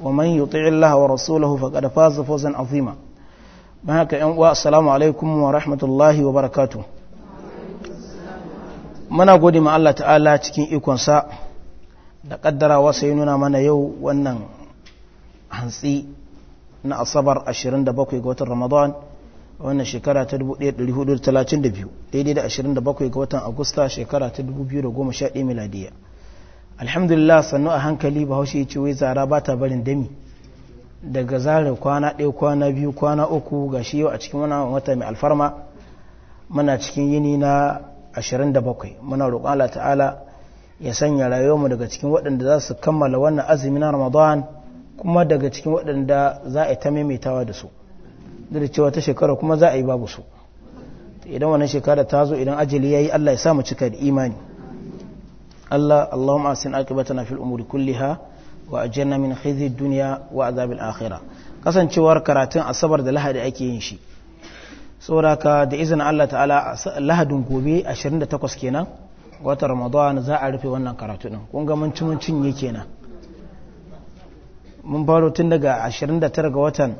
ومن يطع الله ورسوله فقد فاز فوزا عظيما ما هكا ينوى السلام عليكم ورحمة الله وبركاته muna gode ma Allah ta'ala cikin ikonsa da kaddarawa sai nuna mana yau wannan hantsi na asabar 27 ga watan ramadan wannan shekara ta 1432 daidai da 27 ga watan agusta shekara ta 2011 miladiyya alhamdulillah sannu a hankali bahaushe ya ce wai zara ba ta barin dami daga zarar kwana ɗaya kwana biyu kwana uku ga shi yau a cikin wani wata mai alfarma muna cikin yini na 27 muna roƙon Allah ta'ala ya sanya rayuwar mu daga cikin waɗanda za su kammala wannan azumi na ramadan kuma daga cikin waɗanda za a yi ta maimaitawa da su da cewa ta shekara kuma za a yi babu su idan wannan shekara ta zo idan ajali ya yi Allah ya sa mu cika da imani Allah Allahun asin akibatana fil umuri kulliha wa na min khidhi duniya wa azabin akhira kasancewar karatun asabar da lahadi ake yin shi sauraka da izina Allah ta'ala lahadin gobe 28 kenan wata ramadan za a rufe wannan karatun kun ga mun kenan mun baro tun daga 29 ga watan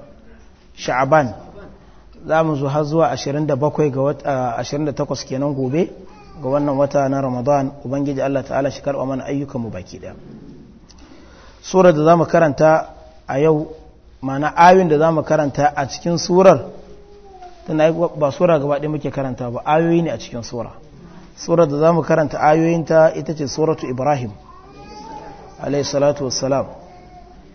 sha'aban za mu zo har zuwa 27 ga wata 28 kenan gobe ga wannan wata na ramadan ubangiji allah ta'ala shi karɓa mana ayyukanmu baki ɗaya surar da za karanta a yau mana ayoyin da za karanta a cikin surar tana ba sura gaba ɗaya muke karanta ba ayoyi ne a cikin sura surar da za mu karanta ta ita ce suratu ibrahim alayhi salatu wassalam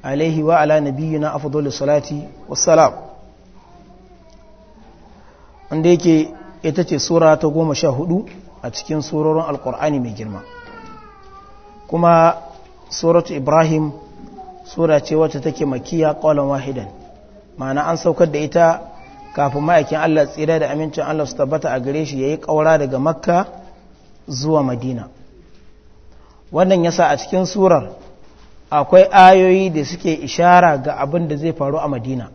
alayhi wa ala nabiyyina afdolin salati wassalam wanda yake ita ce sura ta goma sha hudu a cikin surorin alkur'ani mai girma kuma suratu ibrahim sura ce wacce take makiya ƙwallon wahidan ma'ana an saukar da ita kafin ma'aikin allah tsira da amincin allah su tabbata a gare shi ya yi ƙaura daga makka zuwa madina wannan ya sa a cikin surar akwai ayoyi da suke ishara ga abin da zai faru a madina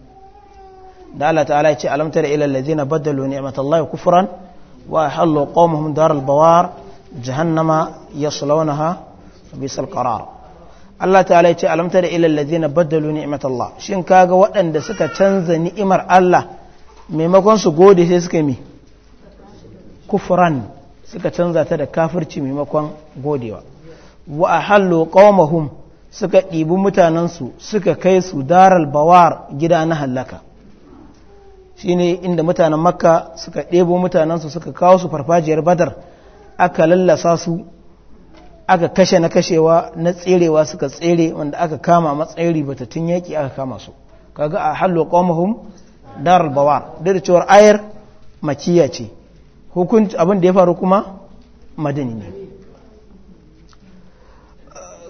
da allah ta'ala ce alamtar ilal ladzina baddalu ni'matallahi kufuran. وأحلوا قومهم دار البوار جهنم يصلونها بئس القرار Allah ta'ala ya ce alamta da ilal ladina baddalu ni'mat Allah ka ga waɗanda suka canza ni'imar Allah maimakon su gode sai suka mi kufran suka canza ta da kafirci maimakon godewa wa ahallu qaumahum mutanen su mutanensu suka kai su daral bawar gida na halaka shine inda mutanen makka suka ɗebo mutanensu suka kawo su farfajiyar badar aka lallasa su aka kashe na kashewa na tserewa suka tsere wanda aka kama matsayin batattun yaƙi aka kama su kaga a hallo qawmuhum daral bawar da cewar ayar makiya ce hukunci abin da ya faru kuma madani ne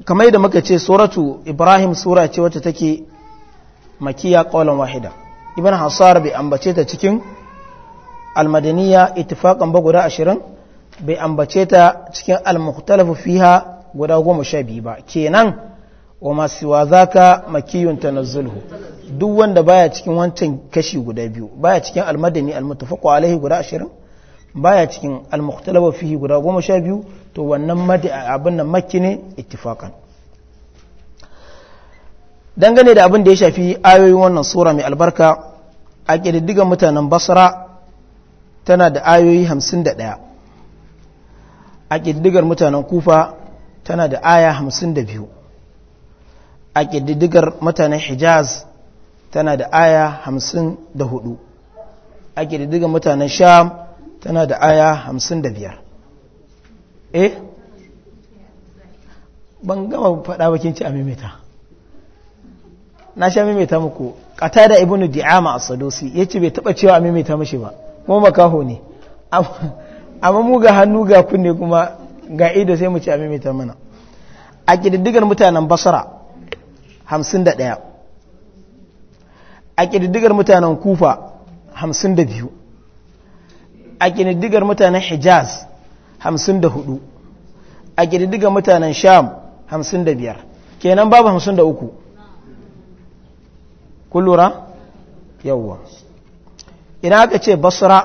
kamar yadda muka ce suratu ibrahim sura ce wata take makiya ƙolon wahida ibn hasar bai ambace ta cikin almadaniya ittifaqan ba guda ashirin bai ambace ta cikin almuhtalafu fiha guda goma sha biyu ba kenan wa masu wa zaka makiyun tanazzulhu duk wanda baya cikin wancan kashi guda biyu baya cikin almadani almuttafaqu alaihi guda ashirin baya cikin almuhtalafu fihi guda goma sha biyu to wannan abin nan makine ne ittifaqan dangane da abin da ya shafi ayoyin wannan sura mai albarka a ƙididdigan mutanen basra tana da ayoyi hamsin da ɗaya a ƙididdigar mutanen kufa tana da aya hamsin da biyu a ƙididdigar mutanen hijaz tana da aya hamsin da hudu a ƙididdigar mutanen sham tana da aya hamsin da biyar eh ban gama faɗa bakin ci a maimaita na sha maimaita muku kata da ibn di'ama sadosi ya yace bai taba cewa a maimaita mashi ba kuma makaho ne amma mu ga hannu ga kunne kuma ga ido sai mu ce a maimaita mana a kididdigar mutanen basara hamsin da ɗaya a kididdigar mutanen kufa hamsin da biyu a kididdigar mutanen hijaz hudu a kididdigar mutanen sham hamsin da biyar kenan babu hamsin da uku. Kullura yawwa ina aka ce basra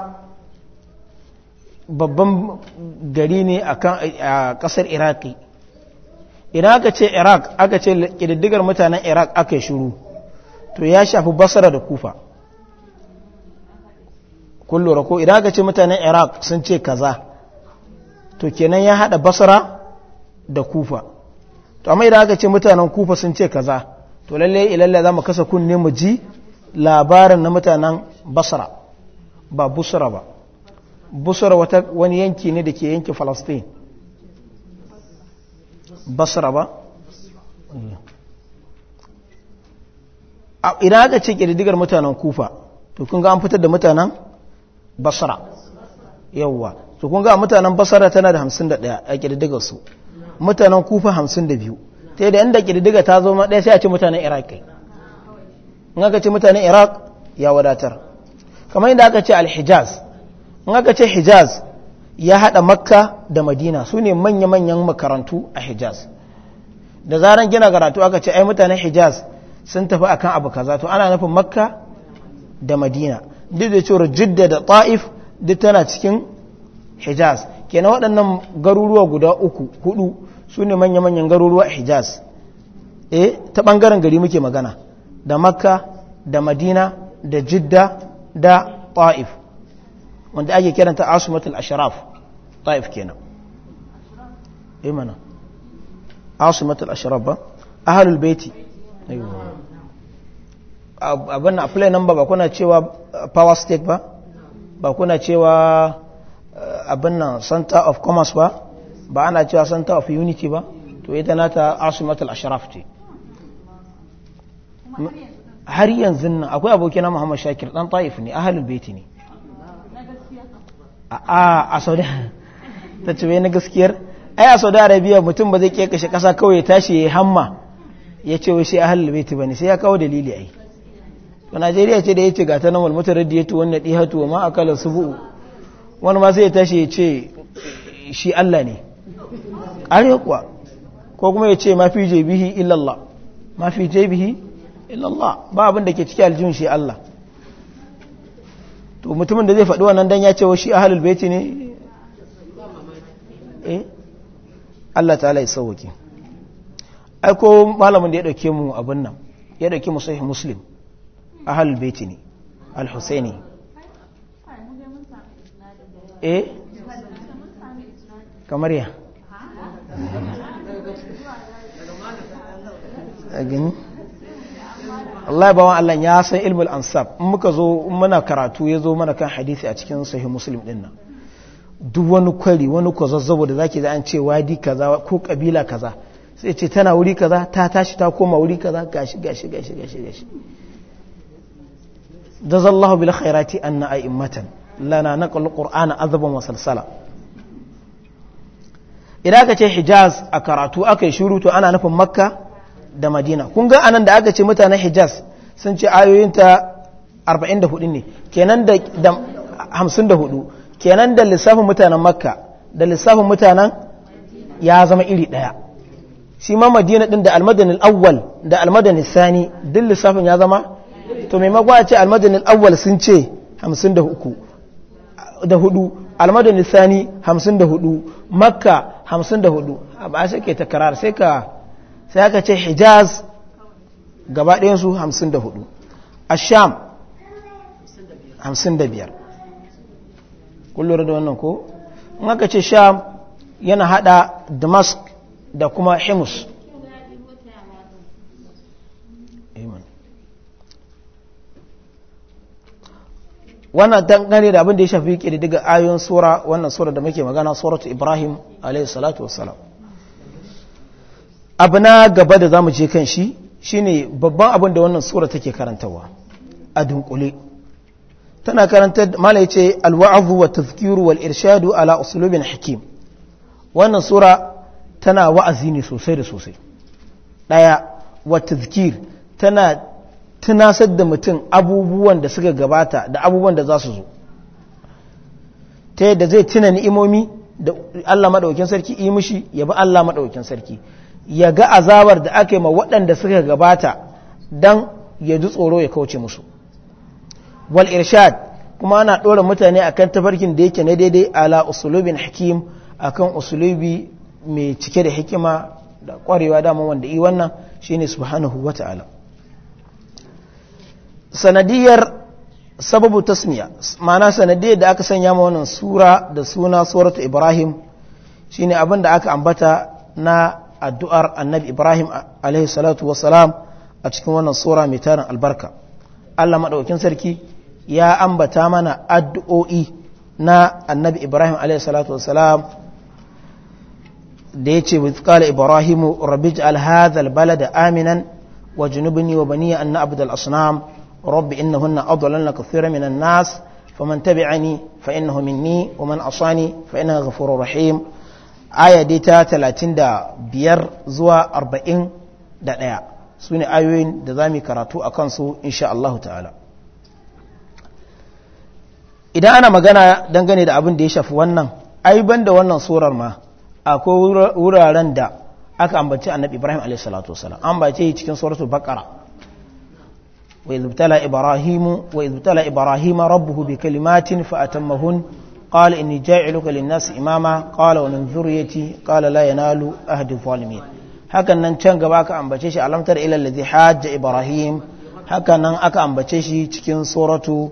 babban gari ne a kasar iraki ina aka ce iraq aka ce ƙididdigar mutanen iraq aka yi shuru to ya shafi basra da kufa Kullura ko ina aka ce mutanen iraq sun ce kaza to kenan ya hada basra da kufa to amma idan aka ce mutanen kufa sun ce kaza to lalle ilalla za mu kasa kunne mu ji labarin na mutanen basra ba busra ba busra wata wani yanki ne da ke yanki falastin basra ba idan aka ce kididigar mutanen kufa to kun ga an fitar da mutanen basra yawwa to kun ga mutanen basra tana da 51 a ƙididdigar su mutanen kufa 52 sai da inda kididiga ta zo ma ɗaya sai a ci mutanen iraq kai in aka ci mutanen iraq ya wadatar kamar inda aka ce alhijaz in aka ce hijaz ya haɗa makka da madina su ne manya-manyan makarantu a hijaz da zaran gina karatu aka ce ai mutanen hijaz sun tafi akan abu kaza to ana nufin makka da madina duk da cewar jidda da ta'if duk tana cikin hijaz kenan waɗannan garuruwa guda uku hudu su ne manya-manyan garuruwa hijaz eh ta ɓangaren gari muke magana da makka da madina da jidda da ta'if wanda ake kiranta asumatul ashraf ta'if kenan eh mana asumatul ashraf ba ahlul baiti abin na play number ba kuna cewa power stake ba ba kuna cewa uh, uh, abin nan center of commerce ba ba ana cewa ta of unity ba to ita na ta asimatul ashraf ce har yanzu nan akwai abokina muhammad shakir dan taif ne ahalul baiti ne a saudi ta ce na gaskiyar ai a saudi arabia mutum ba zai kashe kasa kawai ya tashi ya hamma ya ce wai shi ahalul baiti bane sai ya kawo dalili ai to najeriya ce da ya ga ta nan wal radiyatu wannan dihatu wa ma akala subu wani ma sai ya tashi ya ce shi Allah ne ariya kuwa ko kuma ya ce mafi jebihi illallah mafi jebihi illallah ba abin da ke ciki aljihun shi Allah to mutumin da zai faɗi wannan dan ya ce wa shi ahlul beti ne eh Allah ta ya sauwaki ai ko malamin da ya ɗauke mu abin nan ya ɗauke mu sai muslim ahlul beti ne alhussaini eh kamar yana. gani Allah ya bawan Allah ya san ilmul ansab in muka zo muna karatu ya zo mana kan hadisi a cikin sahih muslim din nan duk wani kwari wani kwazazzabo da zaki da an ce wadi kaza ko kabila kaza sai ce tana wuri kaza ta tashi ta koma wuri kaza gashi gashi gashi gashi gashi jazallahu bil khairati anna a'immatan lana naqul qur'ana azaban wa salsala idan aka ce hijaz a karatu aka yi shuru to ana nufin makka da madina kun ga anan da aka ce mutanen hijaz sun ce ayoyinta 44 ne kenan da 54 kenan da lissafin mutanen makka da lissafin mutanen ya zama iri daya shi ma madina din da almadanin awwal da almadanin sani duk lissafin ya zama to maimakon a ce almadanin awwal sun ce 53 da hudu almadanin sani 54 makka hamsin da hudu a ba sai ke takarar sai ka sai aka ce hijaz gaba ɗayansu hamsin da hudu asham hamsin da biyar kullum da wannan ko in aka ce sham yana hada damask da kuma himus wannan dangane da abin da ya shafi daga ayon sura wannan sura da muke magana suratu ibrahim alaihi salatu wassalam abu na gaba da zamu je kan shi shine babban abin da wannan sura take karantawa a dunkule tana karanta malai ce alwa'azu wa tazkiru wal irshadu ala uslubin hakim wannan sura tana wa'azi ne sosai da sosai daya wa tazkir tana tunasar da mutum abubuwan da suka gabata da abubuwan da za su zo ta yadda zai tuna ni'imomi da Allah maɗaukin sarki yi mushi ya bi Allah maɗaukin sarki ya ga azabar da aka yi ma waɗanda suka gabata don ya ji tsoro ya kauce musu wal irshad kuma ana ɗora mutane akan tafarkin da yake na daidai ala usulubin hakim akan usulubi mai cike da hikima da ƙwarewa dama wanda yi wannan shine subhanahu wata'ala sanadiyar sababu tasmiya ma'ana sanadiyar da aka sanya ma wannan sura da suna suratu ibrahim shine abin da aka ambata na addu'ar annabi ibrahim alaihi salatu wassalam a cikin wannan sura mai tarin albarka allah maɗaukin sarki ya ambata mana addu'o'i na annabi ibrahim alaihi salatu wassalam da ya ce wizkala ibrahimu rabij alhazal balada aminan wa junubini wa baniya an na abdul asnam رب إنهن أضللن كثيرا من الناس فمن تبعني فإنه مني ومن أصاني فإنه غفور رحيم آية ديتا تلاتين دا بير زوا أربعين دا ديا سوني آيوين دا دامي كراتو أكنسو إن شاء الله تعالى idan ana magana dangane da abin da ya shafi wannan ai ban da wannan surar ma akwai wuraren da aka ambaci annabi ibrahim alaihi salatu wasalam ambace cikin suratul baqara وإذ ابتلى إبراهيم وإذ ابتلى إبراهيم ربه بكلمات فأتمهن قال إني جاعلك للناس إماما قال ومن ذريتي قال لا ينال أهد الظالمين hakan nan can gaba aka ambace shi alamtar ilal ladhi hajja ibrahim hakan nan aka ambace shi cikin suratu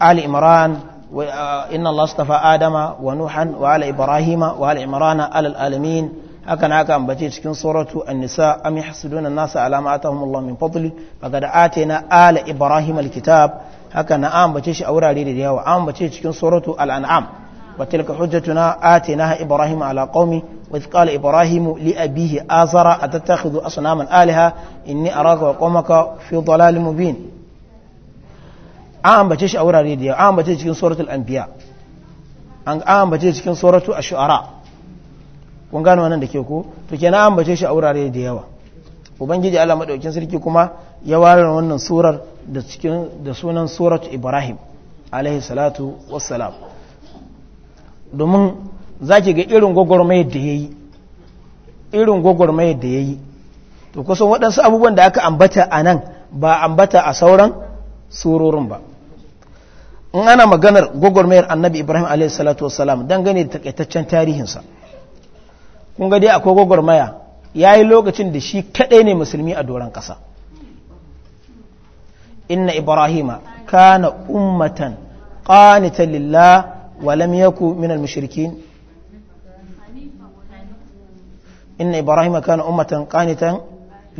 ali imran wa inna allaha astafa adama wa nuhan wa ala ibrahima wa ala imrana alamin haka na aka ambace cikin suratu an-nisa am yahsuduna an-nasa ala ma atahum Allah min fadli faqad atayna ala ibrahim al-kitab haka na ambace shi a wurare da yawa ambace cikin suratu al-an'am wa tilka hujjatuna ataynaha ibrahim ala qaumi wa idh qala ibrahim li abihi azara atattakhidhu asnaman alaha inni araka wa qaumaka fi dhalalin mubin an ambace shi a wurare da yawa an ambace cikin suratul anbiya an ambace cikin suratu ash-shu'ara kun gano wannan da ke ko to kenan an bace shi a wurare da yawa ubangiji Allah madaukin sarki kuma ya ware wannan surar da cikin da sunan suratu ibrahim alaihi salatu wassalam domin zaki ga irin gwagwarmayar da yayi irin gwagwarmayar da yayi to kusan waɗansu abubuwan da aka ambata a nan ba ambata a sauran surorin ba in ana maganar gwagwarmayar annabi ibrahim alaihi salatu wassalam dangane da takaitaccen tarihinsa kun ga dai akwai gwagwarmaya ya yi lokacin da shi kaɗai ne musulmi a doron ƙasa inna ibrahima kana ummatan qanitan lillah wa lam yaku min al-mushrikin inna ibrahima kana ummatan qanitan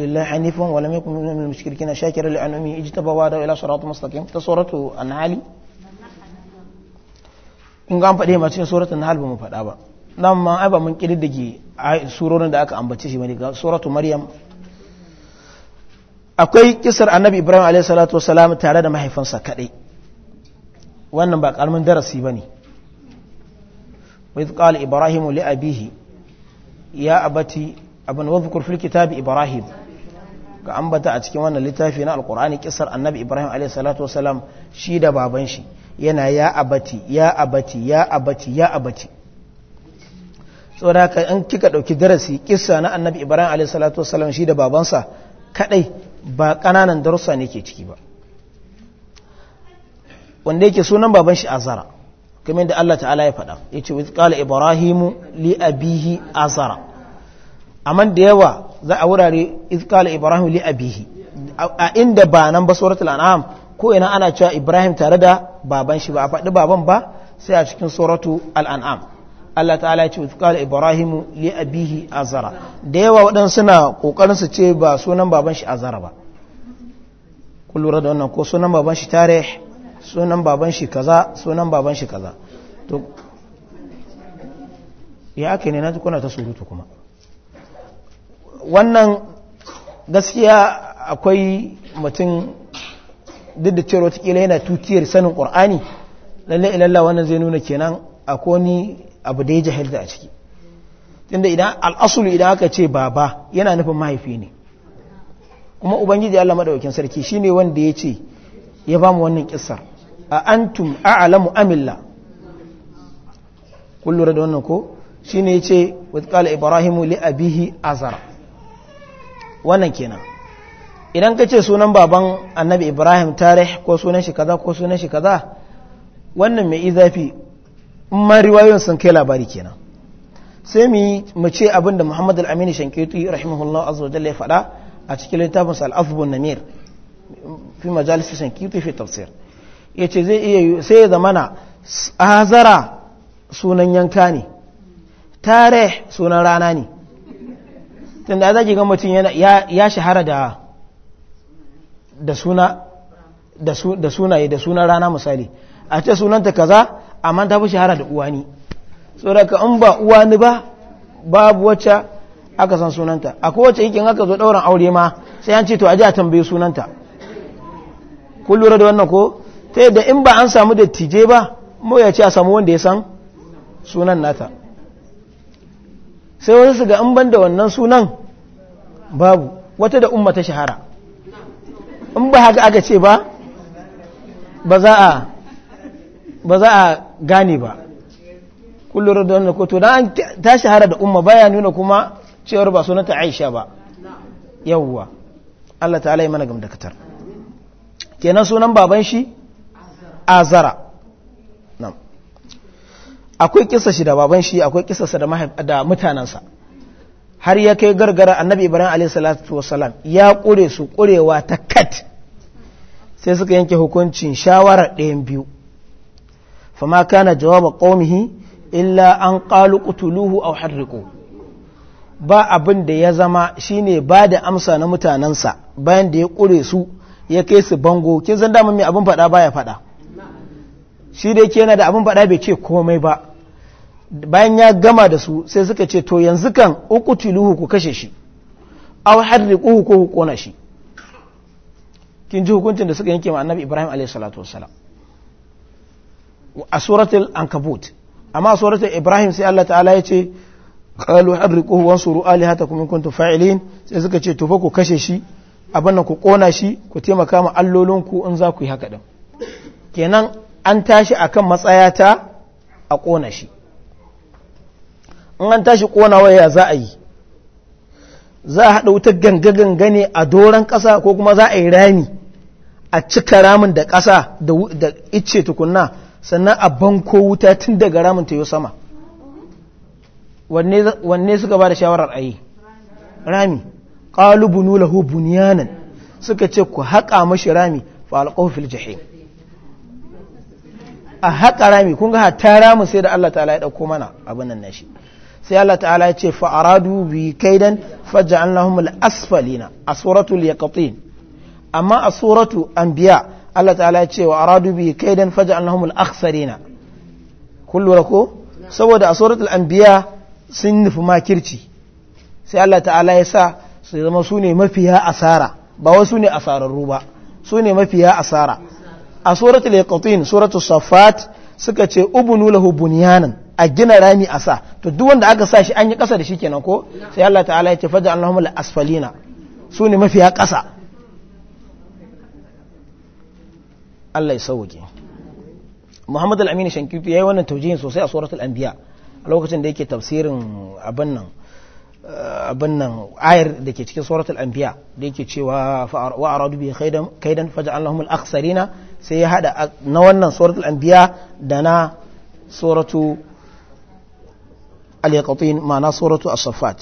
لله حنيفا ولم يكن من المشركين شاكرا لأنعمه اجتبى وهدى إلى صراط مستقيم تصورته النحل إن قام فديه nahl ba mu ba nan ma aiba mun kididdige surorin da aka ambace shi bane ga suratu maryam akwai kisar annabi ibrahim alaihi salatu wasalam tare da mahaifansa kadai wannan ba karamin darasi bane وإذ ibrahim إبراهيم لأبيه يا أبتي أبن واذكر في kitabi ibrahim ga ambata a cikin wannan littafi na alkur'ani kisar annabi ibrahim alaihi salatu wasalam shi da baban shi yana ya abati ya abati ya abati ya abati saboda haka in kika ɗauki darasi kissa na annabi ibrahim alayhi salatu wasallam shi da babansa kadai ba kananan darussa ne ke ciki ba wanda yake sunan baban shi azara kamar da Allah ta'ala ya faɗa yace wa qala ibrahimu li abihi azara amma da yawa za a wurare iz qala ibrahimu li abihi a inda ba nan ba suratul an'am ko ina ana cewa ibrahim tare da baban shi ba a faɗi baban ba sai a cikin suratul al-an'am Allah ta'ala ce utkala ibrahimu li abihi azara da yawa waɗansu suna ƙoƙarin su ce ba sunan baban shi azara ba kun lura da wannan ko sunan baban shi tarih sunan baban shi kaza sunan baban shi kaza to ya ake ne na kuna ta surutu kuma wannan gaskiya akwai mutum duk da cewa watakila yana tutiyar sanin ƙur'ani lalle ilallah wannan zai nuna kenan akwai abu da ya jahilta a ciki tunda idan al'asulu idan aka ce baba yana nufin mahaifi ne kuma ubangiji Allah madaukakin sarki shine wanda ya ce ya ba mu wannan kissar a antum a'lamu amilla kun lura da wannan ko shine ya ce wa qala ibrahimu li abihi azara wannan kenan idan ka ce sunan baban annabi ibrahim tarih ko sunan shi kaza ko sunan shi kaza wannan mai izafi in ma riwayoyin sun kai labari kenan sai mu ce abin da muhammad al-amini shankaitu rahimahullah azza wa jalla ya faɗa a cikin littafin sa al-afbun namir fi majalisi fi tafsir yace zai iya sai ya zamana azara sunan yanka ne tare sunan rana ne tunda za ki ga mutum ya shahara da da suna da sunaye da sunan rana misali a ce sunanta kaza amma ta fi shahara da uwa so daga in ba uwa ni ba babu wacce aka san sunanta akwai wacce yake aka zo ɗauran aure ma sai an ce to aji a tambaye sunanta kun lura da wannan ko ta yadda in ba an samu da tije ba mu ya ce a samu wanda ya san sunan nata sai wasu su ga in ban da wannan sunan babu wata da umma ta shahara in ba haka aka ce ba ba za a ba za a gane ba kullum da wani koto don ta shahara da umma baya nuna kuma cewar ba sunanta aisha ba yawwa Allah ta'ala yi mana gam katar kenan sunan baban shi azara akwai kisa shi da baban shi akwai sa da mutanensa har ya kai gargara annabi ibrahim a.s.w. ya kure su kurewa ta kat sai suka yanke hukuncin shawarar ɗayan biyu فما كان جواب قومه إلا أن قالوا قتلوه أو حرقوه ba abin da ya zama shine ba da amsa na mutanensa bayan da ya ƙure su ya kai su bango kin san dama mai abin faɗa baya faɗa shi da yake yana da abin faɗa bai ce komai ba bayan ya gama da su sai suka ce to yanzu kan uku tiluhu ku kashe shi aw harriquhu ko ku kona shi kin ji hukuncin da suka yanke ma annabi Ibrahim alaihi salatu wassalam a suratul ankabut amma suratul ibrahim sai Allah ta'ala ya ce qalu harriquhu wansuru alihatakum in kuntum fa'ilin sai suka ce to fa ku kashe shi abin nan ku kona shi ku taimaka ma ku in za ku yi haka din kenan an tashi akan matsaya ta a kona shi in an tashi konawa ya za a yi za a haɗa wutar ganga-ganga ne a doron ƙasa ko kuma za a yi rami a cika ramin da ƙasa da ice tukunna sannan a banko wuta tun daga ramin ta sama wanne suka ba da shawarar a yi rami nula hu buniyanan suka ce ku haƙa mashi rami fa alƙofil jahim a haƙa rami kun ga hatta ramin sai da Allah ta'ala ya ɗauko mana abin nan nashi sai Allah ta'ala ya ce fa'aradu bi kaidan faja'an lahum al-asfalina a suratul yaqatin amma a suratu anbiya Allah ta'ala ya ce wa aradu bi kaidan faj'alnahum al-akhsarina kun lura saboda a suratul anbiya sun nufi makirci sai Allah ta'ala ya sa su zama su ne mafiya asara ba wasu ne asararru ba su ne mafiya asara a suratul yaqutin suratul safat suka ce ubunu lahu bunyanan a gina rami a sa to duk wanda aka sa shi an yi kasa da shi kenan ko sai Allah ta'ala ya ce faj'alnahum al-asfalina su ne mafiya kasa Allah ya sauke Muhammad al-Amin Shankifi yayi wannan taujihin sosai a suratul anbiya a lokacin da yake tafsirin abin nan eh, abin nan ayar da ke cikin suratul anbiya da yake cewa wa aradu bi khaydan kaidan faj'alnahum al-akhsarina sai ya hada na wannan suratul anbiya da na suratu al-yaqatin ma'ana suratu as-saffat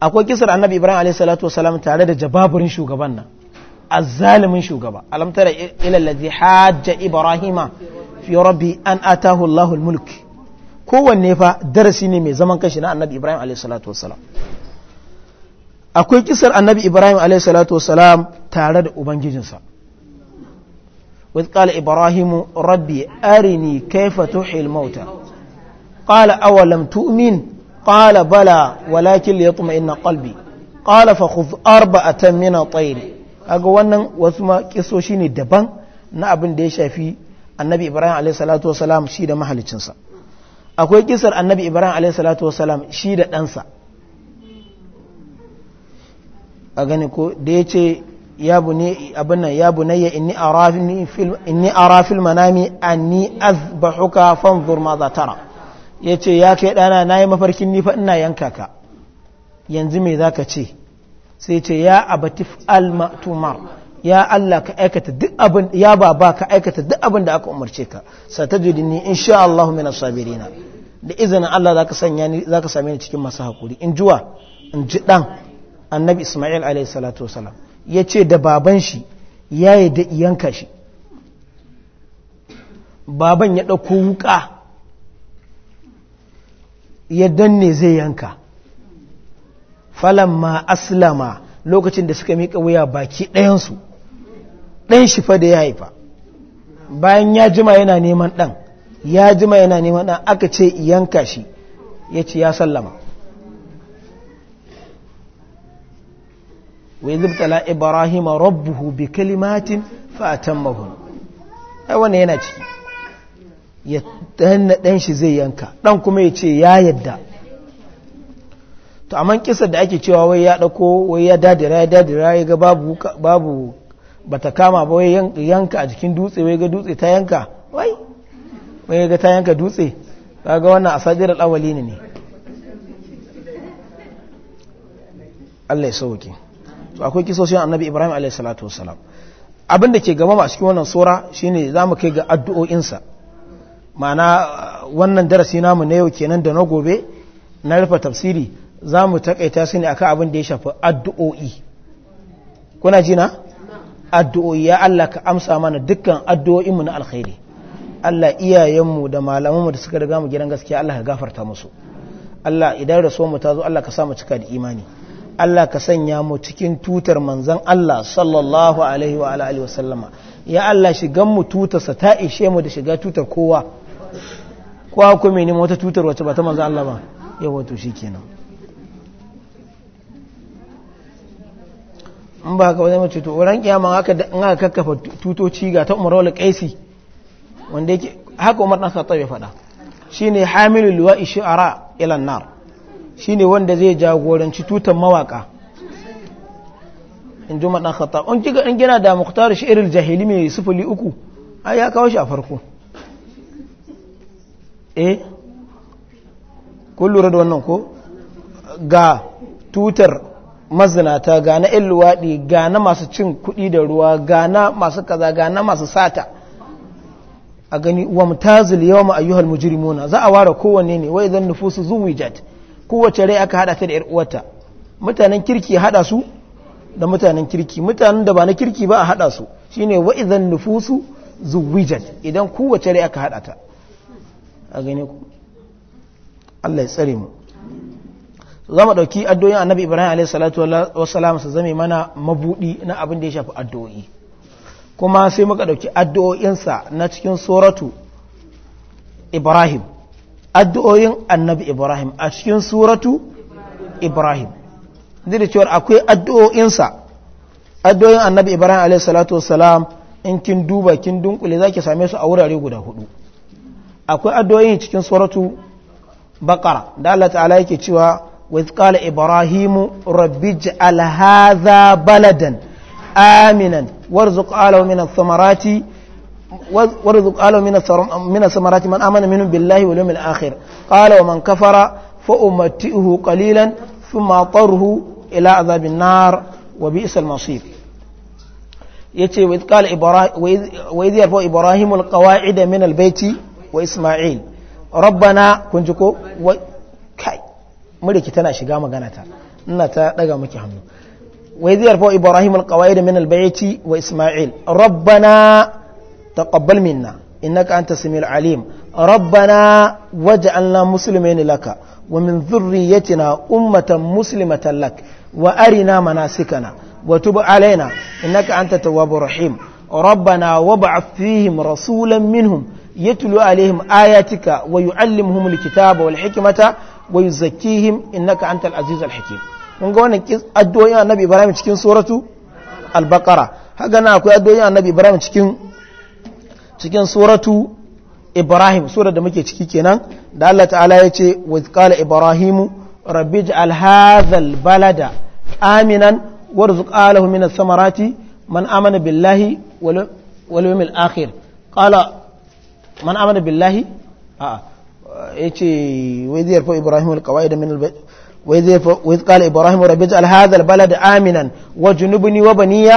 akwai kisar annabi Ibrahim alayhi salatu wasalam tare da jababurin shugaban nan azzalimin shugaba alam tara ila allazi hajja ibrahima fi rabbi an atahu Allahu mulk kowanne fa darasi ne mai zaman kashi na annabi ibrahim alayhi salatu akwai kisar annabi ibrahim alayhi salatu tare da ubangijinsa وإذ قال إبراهيم ربي أرني كيف تحيي الموتى قال أولم تؤمن قال بلى ولكن ليطمئن قلبي قال فخذ أربعة من الطير kaga wannan wasu ma kisoshi ne daban na abin da ya shafi annabi ibrahim a.s. shi da mahalicinsa akwai kisar annabi ibrahim a.s. shi da ɗansa a gani ko da ya ce ya abin nan bunayya inni arafil fil inni arafil manami azbahuka fanzur ma za tara ce ya kai na yi mafarkin nifa ina yanka ka yanzu me ka ce sai ce ya abatif almatumar ya Allah ka aikata duk abin ya baba ka aikata duk abin da aka umarce ka ni insha Allah min sabirin da izinin Allah zaka sanya ni zaka same ni cikin masu hakuri in juwa in ji dan annabi Isma'il alayhi salatu wasalam yace da baban shi yayi da iyanka shi baban ya dauko wuka ya danne zai yanka falan ma aslama lokacin da suka miƙa wuya baki ɗayansu ɗan shi fa da ya haifa bayan ya jima yana neman ɗan ya jima yana neman ɗan aka ce yanka shi ya ce ya sallama wai zubtala ibrahima rabbuhu bi kalimatin fa'atan ai wannan yana ciki ya ɗan shi zai yanka ɗan kuma ya ce ya yadda to amma kisar da ake cewa wai ya dako wai ya dadira ya dadira ya ga babu babu bata kama ba wai yanka a jikin dutse wai ga dutse ta yanka wai wai ga ta yanka dutse kaga wannan a al-awwali ne Allah ya sauke to akwai kisoshin annabi Ibrahim alayhi salatu wassalam abin da ke gaba a cikin wannan sura shine zamu kai ga addu'o'insa ma'ana wannan darasi namu na yau kenan da na gobe na rufe tafsiri za mu takaita su ne a akan abin da ya shafi addu'o'i kuna jina addu'o'i ya Allah ka amsa mana dukkan addu'o'inmu na alkhairi Allah iyayenmu da malamunmu da suka riga mu gidan gaske. Allah ka gafarta musu Allah idan raso mu ta zo Allah ka sa cika da imani Allah ka sanya mu cikin tutar manzan. Allah sallallahu alaihi wa alihi wa sallama ya Allah shigan mu tutarsa ta ishe mu da shiga tutar kowa kowa kuma ne wata tutar wacce ba ta manzan Allah ba yawa to kenan. in ba ka wajen mace to ran kiyama haka in kakkafa tutoci ga ta umar wal kaisi wanda yake haka umar dan fada ya faɗa shine luwa ishi ara ila nar shine wanda zai jagoranci tutan mawaka in ji umar dan ta in kiga in gina da shi irin jahili mai sufuli uku ai ya kawo shi a farko eh kun lura da wannan ko ga tutar mazinata ga na 'yan luwaɗi ga na masu cin kuɗi da ruwa ga na masu kaza ga na masu sata a gani wa mutazil yawa ayyuhal mujirimuna za a ware kowanne ne wai zan nufusu zuwijat kowace rai aka hada ta da 'yar uwata mutanen kirki ya hada su da mutanen kirki mutanen da ba na kirki ba a hada su shine wa idan nufusu zuwijat idan kowace rai aka hada ta a gani ku Allah ya tsare mu za mu ɗauki addu'o'in annabi ibrahim alaihi salatu su zame mana mabuɗi na abin da ya shafi addu'o'i kuma sai muka ɗauki addu'o'insa na cikin suratu ibrahim addu'o'in annabi ibrahim a cikin suratu ibrahim zai da cewar akwai addu'o'insa addu'o'in annabi ibrahim alaihi salatu wasalam in kin duba kin dunkule za ki same su a wurare guda hudu akwai addu'o'in cikin suratu bakara da Allah ta'ala yake cewa وإذ قال إبراهيم رب اجعل هذا بلدا آمنا وارزق آله من الثمرات وارزق آله من من الثمرات من آمن منهم بالله واليوم الآخر قال ومن كفر فأمتئه قليلا ثم أطره إلى عذاب النار وبئس المصير يتي وإذ قال إبراهيم وإذ يرفع إبراهيم القواعد من البيت وإسماعيل ربنا كنتكو muriki tana shiga magana ta ina ta daga miki hannu wa idh yarfa ibrahim alqawaid min albayti wa isma'il rabbana taqabbal minna innaka antas samiul alim rabbana waj'alna muslimin laka wa min dhurriyyatina ummatan muslimatan lak wa arina manasikana wa tub alaina innaka antat tawwabur rahim ربنا وابعث فيهم رسولا منهم يتلو عليهم آياتك ويعلمهم wal والحكمة wa yuzakkihim innaka antal aziz al-hakim mun ga wannan addu'o'in annabi ibrahim cikin suratu albaqara baqara haka na akwai addu'o'in annabi ibrahim cikin cikin suratu ibrahim surar da muke ciki kenan da Allah ta'ala ya ce wa qala ibrahimu rabbi ij'al hadha al-balada aminan warzuq ahlihi min ath man amana billahi wal yawmil akhir qala man amana billahi a'a وإذ قال إبراهيم رب اجعل هذا البلد آمنا وجنبني وبني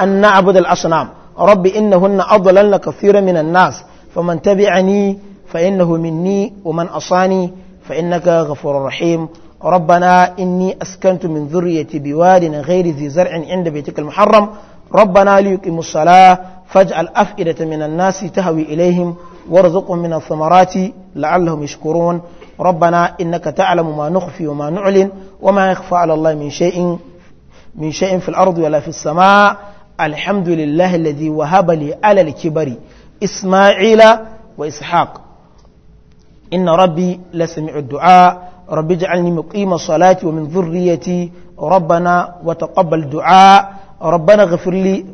أن نعبد الأصنام رب إنهن أضللن كثيرا من الناس فمن تبعني فإنه مني ومن أصاني فإنك غفور رحيم ربنا إني أسكنت من ذريتي بواد غير ذي زرع عند بيتك المحرم ربنا ليقيموا الصلاة فاجعل أفئدة من الناس تهوي إليهم وارزقهم من الثمرات لعلهم يشكرون ربنا إنك تعلم ما نخفي وما نعلن وما يخفى على الله من شيء من شيء في الأرض ولا في السماء الحمد لله الذي وهب لي على الكبر إسماعيل وإسحاق إن ربي لسميع الدعاء رب اجعلني مقيم الصلاة ومن ذريتي ربنا وتقبل دعاء ربنا اغفر لي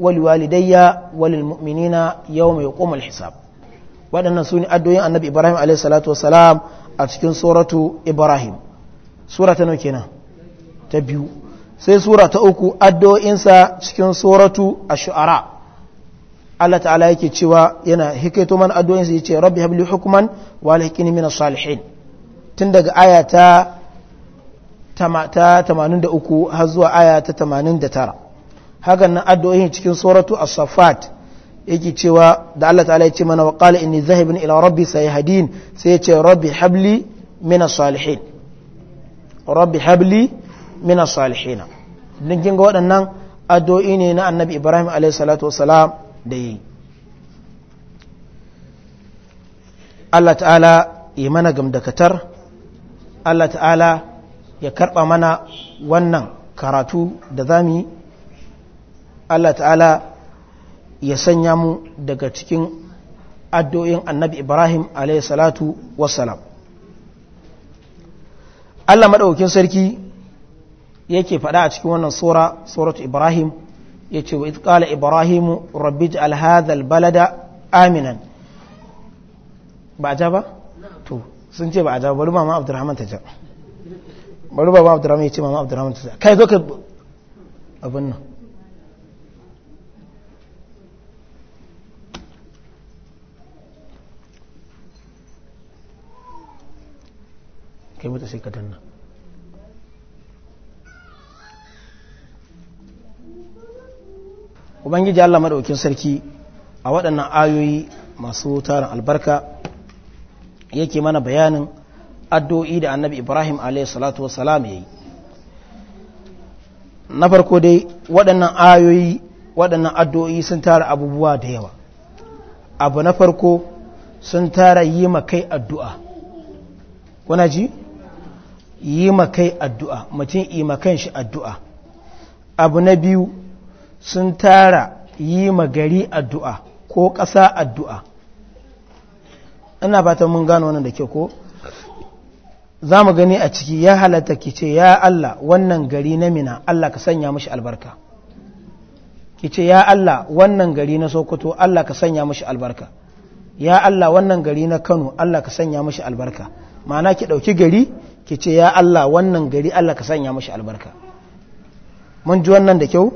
ولوالدي وللمؤمنين يوم يقوم الحساب waɗannan su ne addoyin annabi ibrahim a.s. a cikin suratu ibrahim sura ta nauke nan ta biyu sai sura ta uku addo'insa cikin suratu a shu'ara Allah ta'ala yake cewa yana hikaito man ya yace rabbi habli hukuman wa alhikini min salihin tun daga aya ta 83 har zuwa aya ta tamanin da tara hagan nan addo'in cikin suratu as-saffat yake cewa da Allah ta'ala ya ce mana wa qala inni zahibun ila rabbi hadin sai ya ce rabbi habli mina salihin rabbi habli mina salihin din kin ga waɗannan addu'o'i ne na annabi Ibrahim alayhi salatu wasalam da yi Allah ta'ala yi mana gamdakatar Allah ta'ala ya karba mana wannan karatu da zamu Allah ta'ala ya sanya mu daga cikin addu'o'in annabi ibrahim salatu wassalam allah maɗaukin sarki yake faɗa a cikin wannan sura suratu ibrahim ya ce wa itkala ibrahimu rabbi alhazal balada aminan ba a ja ba? to sun ce ba a ja bari mama abdurrahman ta ja bari mama abdurrahman ya ce mama abdurrahman ta ja kai zo ka abin nan kai mata sai ka danna ubangiji Allah madaukin sarki a waɗannan ayoyi masu tarin albarka yake mana bayanin addu'o'i da annabi ibrahim salatu wasalam ya yi na farko dai waɗannan ayoyi waɗannan addu'o'i sun tara abubuwa da yawa abu na farko sun tara yi ma kai addu'a kuna ji yi makai addu'a mutum yi makan shi addu'a abu na biyu sun tara yi magari addu'a ko ƙasa addu'a ina ta mun gano wannan da ke ko za mu gani a ciki ya halatta ki ce ya Allah wannan gari na mina Allah ka sanya mashi albarka ki ce ya Allah wannan gari na sokoto Allah ka sanya mashi albarka ya Allah wannan gari na kano Allah ka sanya mashi albarka ma'ana ki ɗauki gari ki ce ya Allah wannan gari Allah ka sanya mashi albarka mun ji wannan da kyau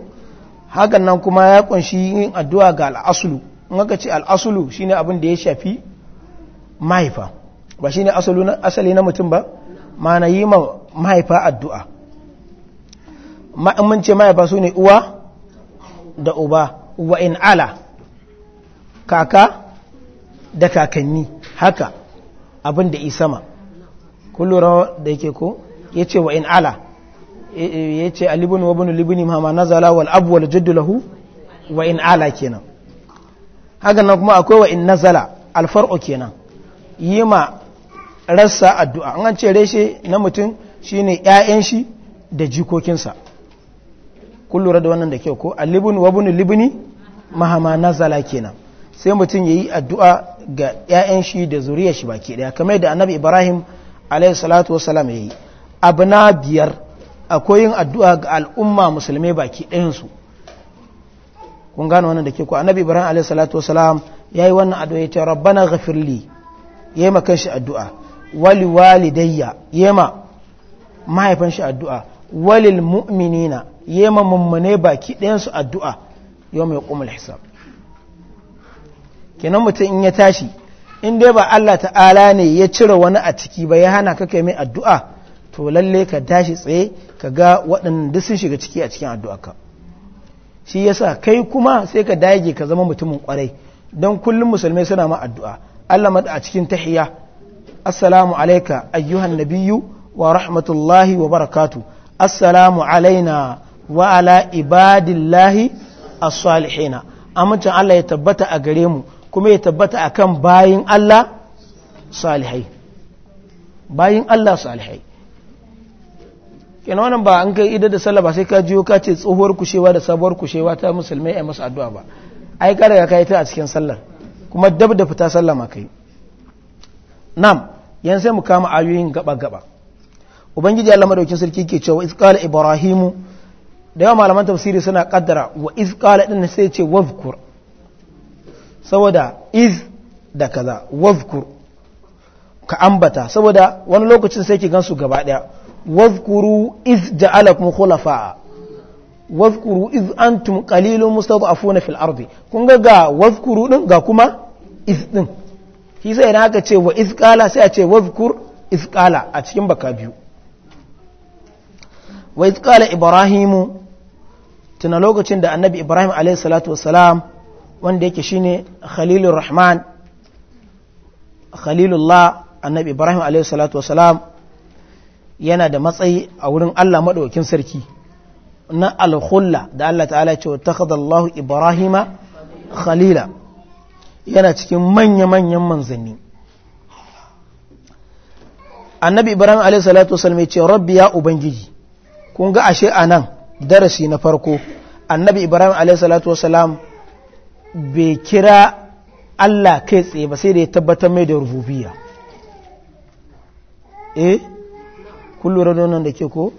hakan nan kuma ya kunshi yin addu'a ga al'asulu in aka ce al'asulu shine abin da ya shafi mahaifa ba shine asali na mutum ba mana yi ma mahaifa addu'a mun ce mahaifa su uwa da uba wa in ala kaka da kakanni haka abin da isama sama kun da yake ko ya ce wa in ala ya ce alibin wa bani libini ma nazala wal abu wal jiddu lahu wa in ala kenan haka nan kuma akwai wa in nazala alfar'o kenan yi ma rassa addu'a an ce reshe na mutum shine ƴaƴan shi da jikokinsa kun da wannan da kyau ko alibin wa bani libini ma nazala kenan sai mutum yayi addu'a ga ‘ya'yan shi da zuriyar shi baki ɗaya kamar da annabi ibrahim alaihi salatu wasalam ya yi abu biyar akwai yin addu'a ga al'umma musulmai baki ɗayansu kun gane wannan da ke ku annabi ibrahim alaihi salatu wasalam ya yi wannan addu'a ya ce rabbana ghafirli yema kan shi addu'a wali walidayya yema ma shi addu'a walil mu'minina yema ma mummune baki ɗayansu addu'a yau mai hisab kenan mutum in ya tashi in dai ba Allah ta'ala ne ya cire wani a ciki ba ya hana kai mai addu'a to lalle ka tashi tsaye ka ga waɗanda sun shiga ciki a cikin ka shi yasa kai kuma sai ka dage ka zama mutumin kwarai don kullum musulmai suna ma addu'a Allah mata a cikin tahiya assalamu alaika ayyuhan nabiyyu wa rahmatullahi wa barakatu assalamu alaina wa ala ibadillahi as-salihina amincin Allah ya tabbata a gare mu kuma ya tabbata akan bayin Allah salihai bayin Allah salihai kenan wannan ba an kai idar da sallah ba sai ka jiyo ka ce tsohuwar kushewa da sabuwar kushewa ta musulmai a masu addu'a ba ai ka daga kai ta a cikin sallar kuma dab da fita sallah ma kai nam yan sai mu kama ayoyin gaba gaba ubangiji Allah madaukin sarki ke cewa iz qala ibrahimu da yawa malaman tafsiri suna kaddara wa iz qala din sai ce wazkur saboda iz da kaza wazkur ka ambata saboda wani lokacin sai ki gansu gaba daya wazkuru iz ja'alakum khulafa'a wazkuru iz antum qalilun mustad'afuna fil ardi kun ga ga wazkuru din ga kuma iz din shi sai idan aka ce wa iz qala sai a ce wazkur iz qala a cikin baka biyu wa iz qala ibrahimu tuna lokacin da annabi ibrahim alayhi salatu wassalam wanda yake shine khalilur rahman khalilullah annabi ibrahim alayhi salatu wasalam yana da matsayi a wurin allah maɗaukin sarki na al-khulla da allah ta'ala ce wa takadallahu ibrahima khalila yana cikin manya-manyan manzanni annabi ibrahim alayhi salatu wasalam ya ce rabbi ya ubangiji kun ga ashe anan darasi na farko annabi ibrahim alayhi salatu wasalam bai kira Allah kai tsaye ba sai da ya tabbatar mai da rububiya eh kullum da da ke ko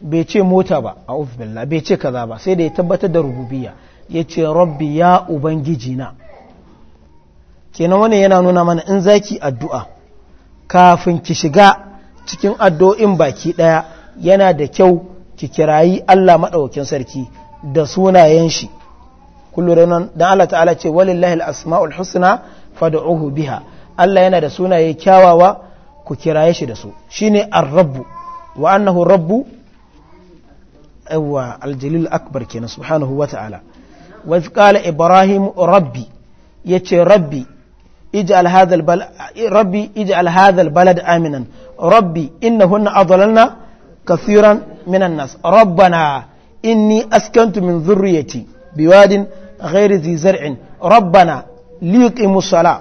bai ce mota ba a billah bai ce kaza ba sai da ya tabbatar da rububiya ya ce rabbi ya ubangiji na kenan wani yana nuna mana in zaki addu'a kafin ki shiga cikin addu'o'in baki ɗaya yana da kyau ki kirayi Allah maɗaukin sarki da sunayen shi kullu ranan dan Allah ta'ala ce walillahi al-asma'ul husna fad'uhu biha Allah yana da sunaye kyawawa ku kiraye shi da su shine ar-rabb wa annahu rabbu awwa al-jalil akbar kenan subhanahu wa ta'ala wa qala ibrahim rabbi yace rabbi ij'al hadha al rabbi ij'al hadha al-balad aminan rabbi innahunna adlalna kathiran minan nas rabbana inni askantu min dhurriyyati biwadin غير ذي زرع ربنا ليقيموا الصلاة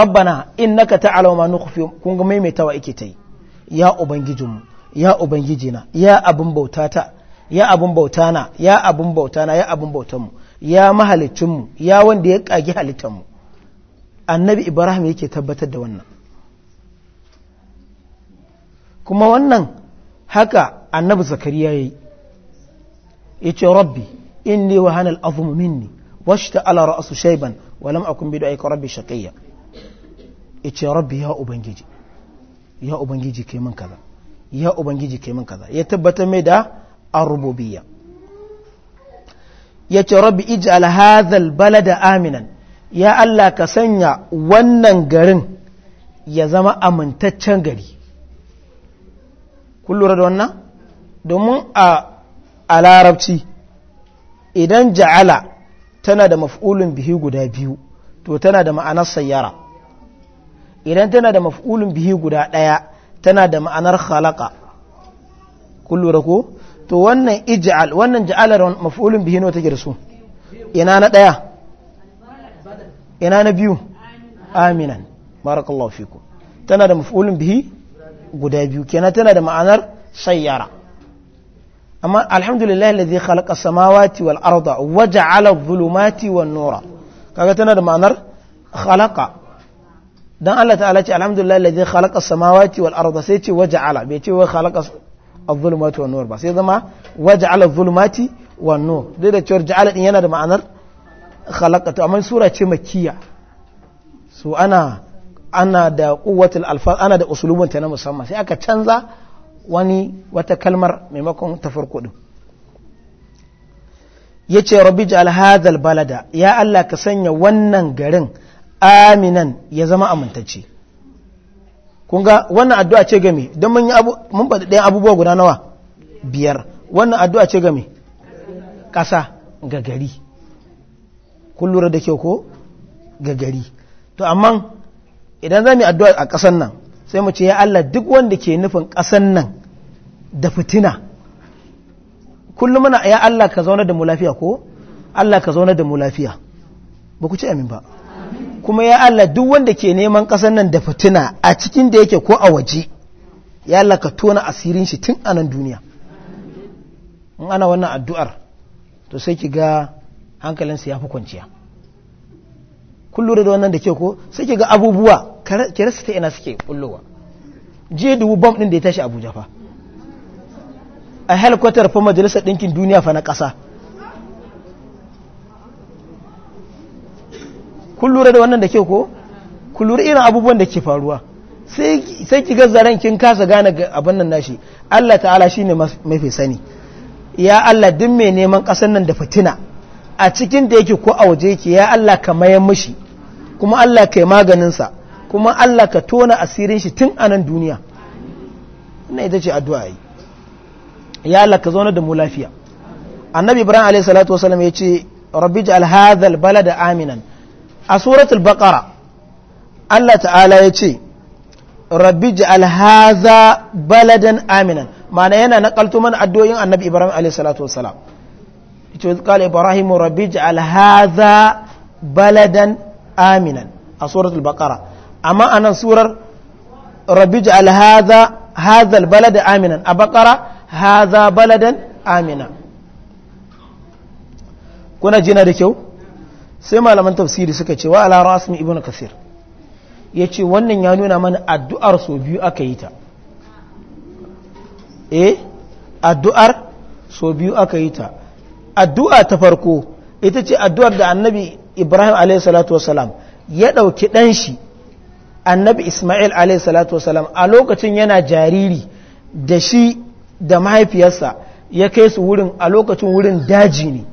ربنا إنك تعلم ما نخفي كونغ ميمي توا إكتي يا أبنجيجم يا أبنجيجنا يا أبن بوتاتا ya abun bauta na ya abun bauta ya abun bautanmu ya mahalicinmu ya wanda ya kagi halittanmu annabi ibrahim yake tabbatar da wannan kuma wannan haka annabi zakariya ya yi ya ce rabbi inni wa hanal azmu minni washta ala ra'su shayban wa lam akun bi du'aika rabbi shaqiyya yace rabbi ya ubangiji ya ubangiji ke min kaza ya ubangiji ke min kaza ya tabbatar mai da ar-rububiyya yace rabbi ij'al hadha al-balada aminan ya Allah ka sanya wannan garin ya zama amintaccen gari kun da wannan domin a larabci idan ja'ala tana da maf'ulun bihi guda biyu to tana da ma'anar sayyara idan tana da maf'ulun bihi guda ɗaya tana da ma'anar khalaqa kun lura ko to wannan ij'al wannan ja'alar maf'ulun bihi ne take da su ina na ɗaya ina na biyu aminan barakallahu fikum tana da maf'ulun bihi guda biyu kenan tana da ma'anar sayyara amma alhamdulillah alladhi khalaqa samawati wal arda wa ja'ala adh-dhulumati wan nura kaga tana da ma'anar khalaqa dan Allah ta'ala ce alhamdulillah alladhi khalaqa samawati wal arda sai ce wa ja'ala bai ce wa khalaqa adh-dhulumati wan nura ba sai zama wa ja'ala adh-dhulumati wan nur dai da cewa ja'ala din yana da ma'anar khalaqa to amma sura ce makkiya so ana ana da quwwatul alfaz ana da usulubun ta na musamman sai aka canza wani wata kalmar maimakon ta farko din ya ce rabbi ja'al balada ya Allah ka sanya wannan garin aminan ya zama amintacce kun ga wannan addu'a ce game don mun yi abu mun ɗayan abubuwa guda nawa biyar wannan addu'a ce game ƙasa ga gari kun da kyau ko ga gari to amma idan za mu yi addu'a a ƙasan nan sai mu ce ya Allah duk wanda ke nufin ƙasan nan da fitina kullum muna ya Allah ka zauna da mu lafiya ko Allah ka zauna da mu lafiya ba ku ce amin ba kuma ya Allah duk wanda ke neman ƙasan nan da fitina a cikin da yake ko a waje ya Allah ka tona asirin shi tun a nan duniya in ana wannan addu'ar to sai ki ga hankalinsa ya fi kwanciya kun lura da wannan da ke ko sai ki ga abubuwa ki rasa ta ina suke kullowa je dubu bom din da ya tashi abuja fa a helikwatar fa majalisar ɗinkin duniya fa na ƙasa kun lura da wannan da ke ko kun lura irin abubuwan da ke faruwa sai ki ga zaren kin kasa gane abin nan nashi Allah ta'ala shine mafi sani ya Allah duk mai neman ƙasar nan da fitina a cikin da yake ko a waje yake ya Allah ka mayan mashi kuma Allah ka yi maganinsa kuma Allah ka tona asirin shi tun anan duniya ina ita ce addu'a yi ya Allah ka zauna da mu lafiya annabi ibrahim alayhi salatu wasallam ya ce rabbi ja'al hadhal balada aminan a suratul baqara Allah ta'ala ya ce rabbi ja'al hadha baladan aminan ma'ana yana nakalto mana addu'o'in annabi ibrahim alayhi salatu wasallam yace qala ibrahim rabbi ja'al hadha baladan aminan a suratul baqara amma anan surar rabbi ja'al hadha bala da aminan a bakara haza baladan amina kuna jina da kyau sai malaman tafsiri suka ce wa ala rasim ibnu kasir yace wannan ya nuna mana addu'ar so biyu aka yi ta e addu'ar so biyu aka yi ta addu'a ta farko ita ce addu'ar da annabi ibrahim alaihi salatu wasalam ya ɗauki ɗanshi shi annabi ismail alaihi salatu wasalam a lokacin yana jariri da shi da mahaifiyarsa ya kai su wurin a lokacin wurin daji ne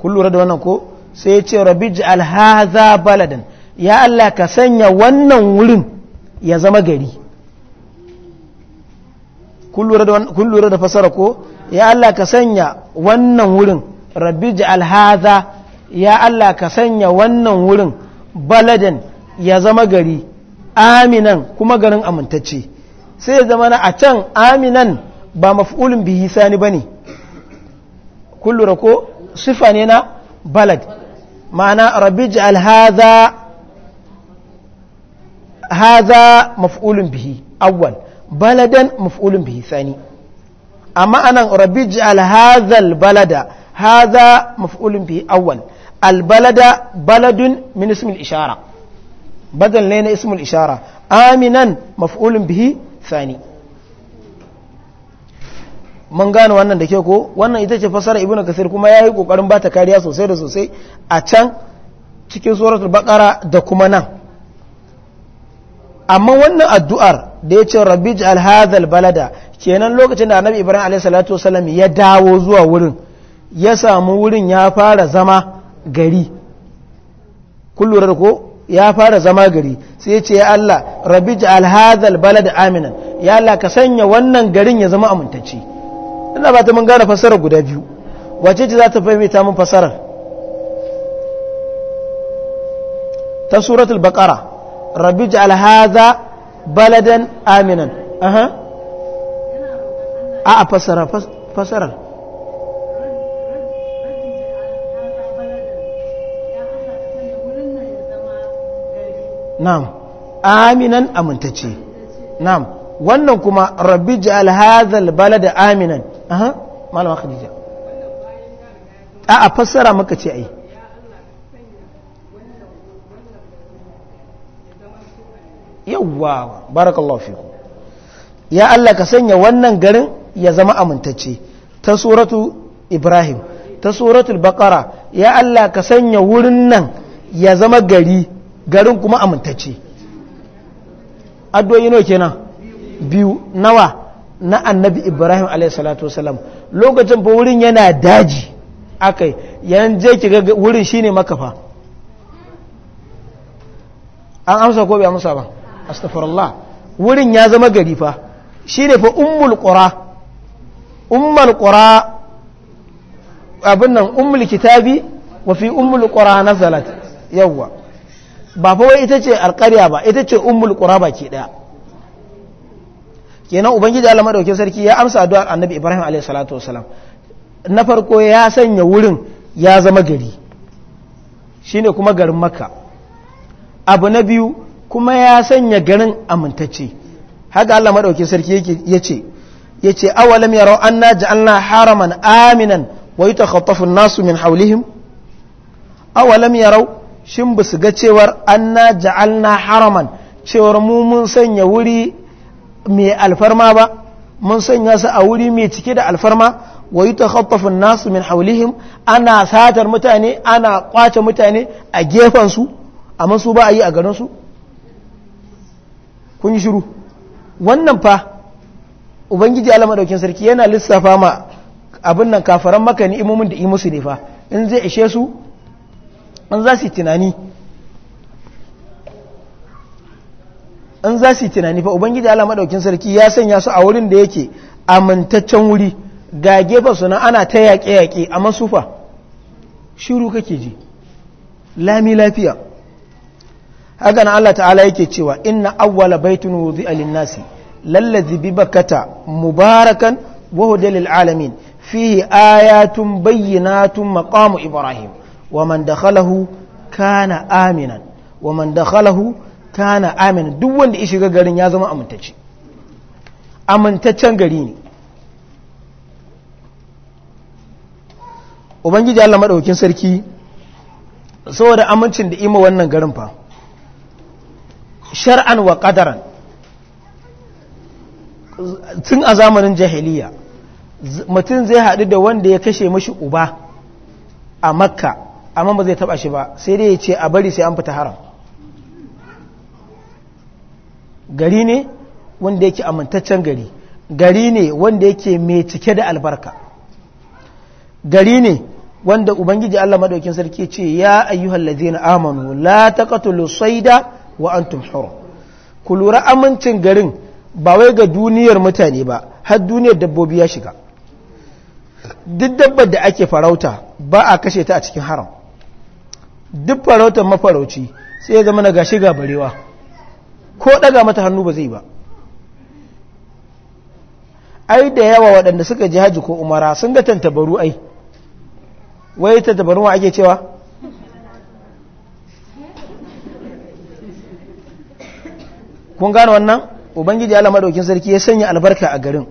kun da wannan ko sai ya ce rabi ji haza baladan ya Allah ka sanya wannan wurin ya zama gari kun da fasara ko ya Allah ka sanya wannan wurin rabbi ji'al haza ya Allah ka sanya wannan wurin baladan ya zama gari aminan kuma garin amintacce sai ya zama na a can aminan ba mafi'ulun bihi sani ba ne kullura ko sifa ne na balad ma'ana rabij alhaza haza mafi'ulun bihi awwal baladan mafi'ulun bihi sani amma anan rabij alhazal balada haza mafi'ulun bihi awwal albalada baladun min ismul ishara badal ne na ismul ishara aminan maf'ulun bihi sani mun gane wannan da ke ko wannan ita ce fasara ibnu kasir kuma yayi kokarin bata kariya sosai da sosai a can cikin suratul baqara da kuma nan amma wannan addu'ar da ya ce rabbi ja'al hadhal balada kenan lokacin da annabi ibrahim alayhi salatu wasallam ya dawo zuwa wurin ya samu wurin ya fara zama gari kun ko ya fara zama gari sai ce ya Allah rabbi ja'al hadhal balad aminan ya Allah ka sanya wannan garin ya zama amintacce ina ba ta mun gane fasara guda biyu wace ce za ta fahimta mun fasarar ta suratul baqara rabbi ja'al hadha baladan aminan aha a fasara fasarar na'am aminan amintacce na'am wannan kuma rabbi ja'al Bala da aminan aha malama khadija a a fassara maka ce ai yawwa barakallahu fiku ya Allah ka sanya wannan garin ya zama amintacce ta suratu ibrahim ta suratul baqara ya Allah ka sanya wurin nan ya zama gari garin kuma amintacce addu'o'i nawa kenan biyu nawa na annabi ibrahim alaihissalatu wasalam lokacin fa wurin yana daji akai yan je ki ga wurin shine makafa an amsa ko bai amsa ba astaghfirullah wurin ya zama gari fa shine fa ummul qura ummul qura abin nan ummul kitabi wa fi ummul qura nazalat yawwa ba fa wai ita ce alƙarya ba ita ce ummul qura ke ɗaya kenan ubangiji Allah madaukakin sarki ya amsa addu'ar annabi Ibrahim alaihi wasalam na farko ya sanya wurin ya zama gari shine kuma garin Makka abu na biyu kuma ya sanya garin amintacce haka Allah maɗauki sarki ya ce yace ce awalam yarau an na haraman aminan wai ta an-nasu min haulihim awalam yarau shin ba su ga cewar anna na haraman cewar mu mun sanya wuri mai alfarma ba mun sanya su a wuri mai cike da alfarma wa yi takhattafin nasu min haulihim ana satar mutane ana kwace mutane a gefansu amma su ba a yi a garinsu kun yi shiru wannan fa ubangiji alama daukin sarki yana lissafa ma abin nan kafaran maka imomin da imusu ne fa in zai ishe su in za su yi tunani fa ubangiji ala madaukin sarki ya sanya su a wurin da yake amintaccen wuri ga gefa suna ana ta yaƙe-yaƙe a masufa shiru kake ji lami lafiya haka na Allah ta'ala yake cewa inna awwala baitun wuzi nasi lallazi bi bakata mubarakan wa hudalil alamin fihi ayatun bayyinatun maqamu ibrahim ومن دخله كان آمنا ومن دخله كان wanda دول shiga garin ya zama amintacce amintaccen gari ne. ubangiji Allah madaukakin sarki saboda amincin da ima wannan garin fa shar'an wa qadaran tun a zamanin jahiliya mutum zai haɗu da wanda ya kashe mashi uba a makka amma ba zai taba shi ba sai dai ya ce a bari sai an fita haram gari ne wanda yake amintaccen gari gari ne wanda yake mai cike da albarka gari ne wanda ubangiji Allah madaukin sarki ce ya ayyuhal ladzina amanu la taqtulu sayda wa antum hurum ku lura amincin garin ba wai ga duniyar mutane ba har duniyar dabbobi ya shiga duk dabbar da ake farauta ba a kashe ta a cikin haram duk farautar mafarauci sai ya zama na gashi ga barewa ko daga mata hannu ba zai ba ai da yawa waɗanda suka ji haji ko umara sun ga tantabaru ai wai tantabaru ake cewa kun gano wannan ubangiji ala maɗaukin sarki ya sanya albarka a garin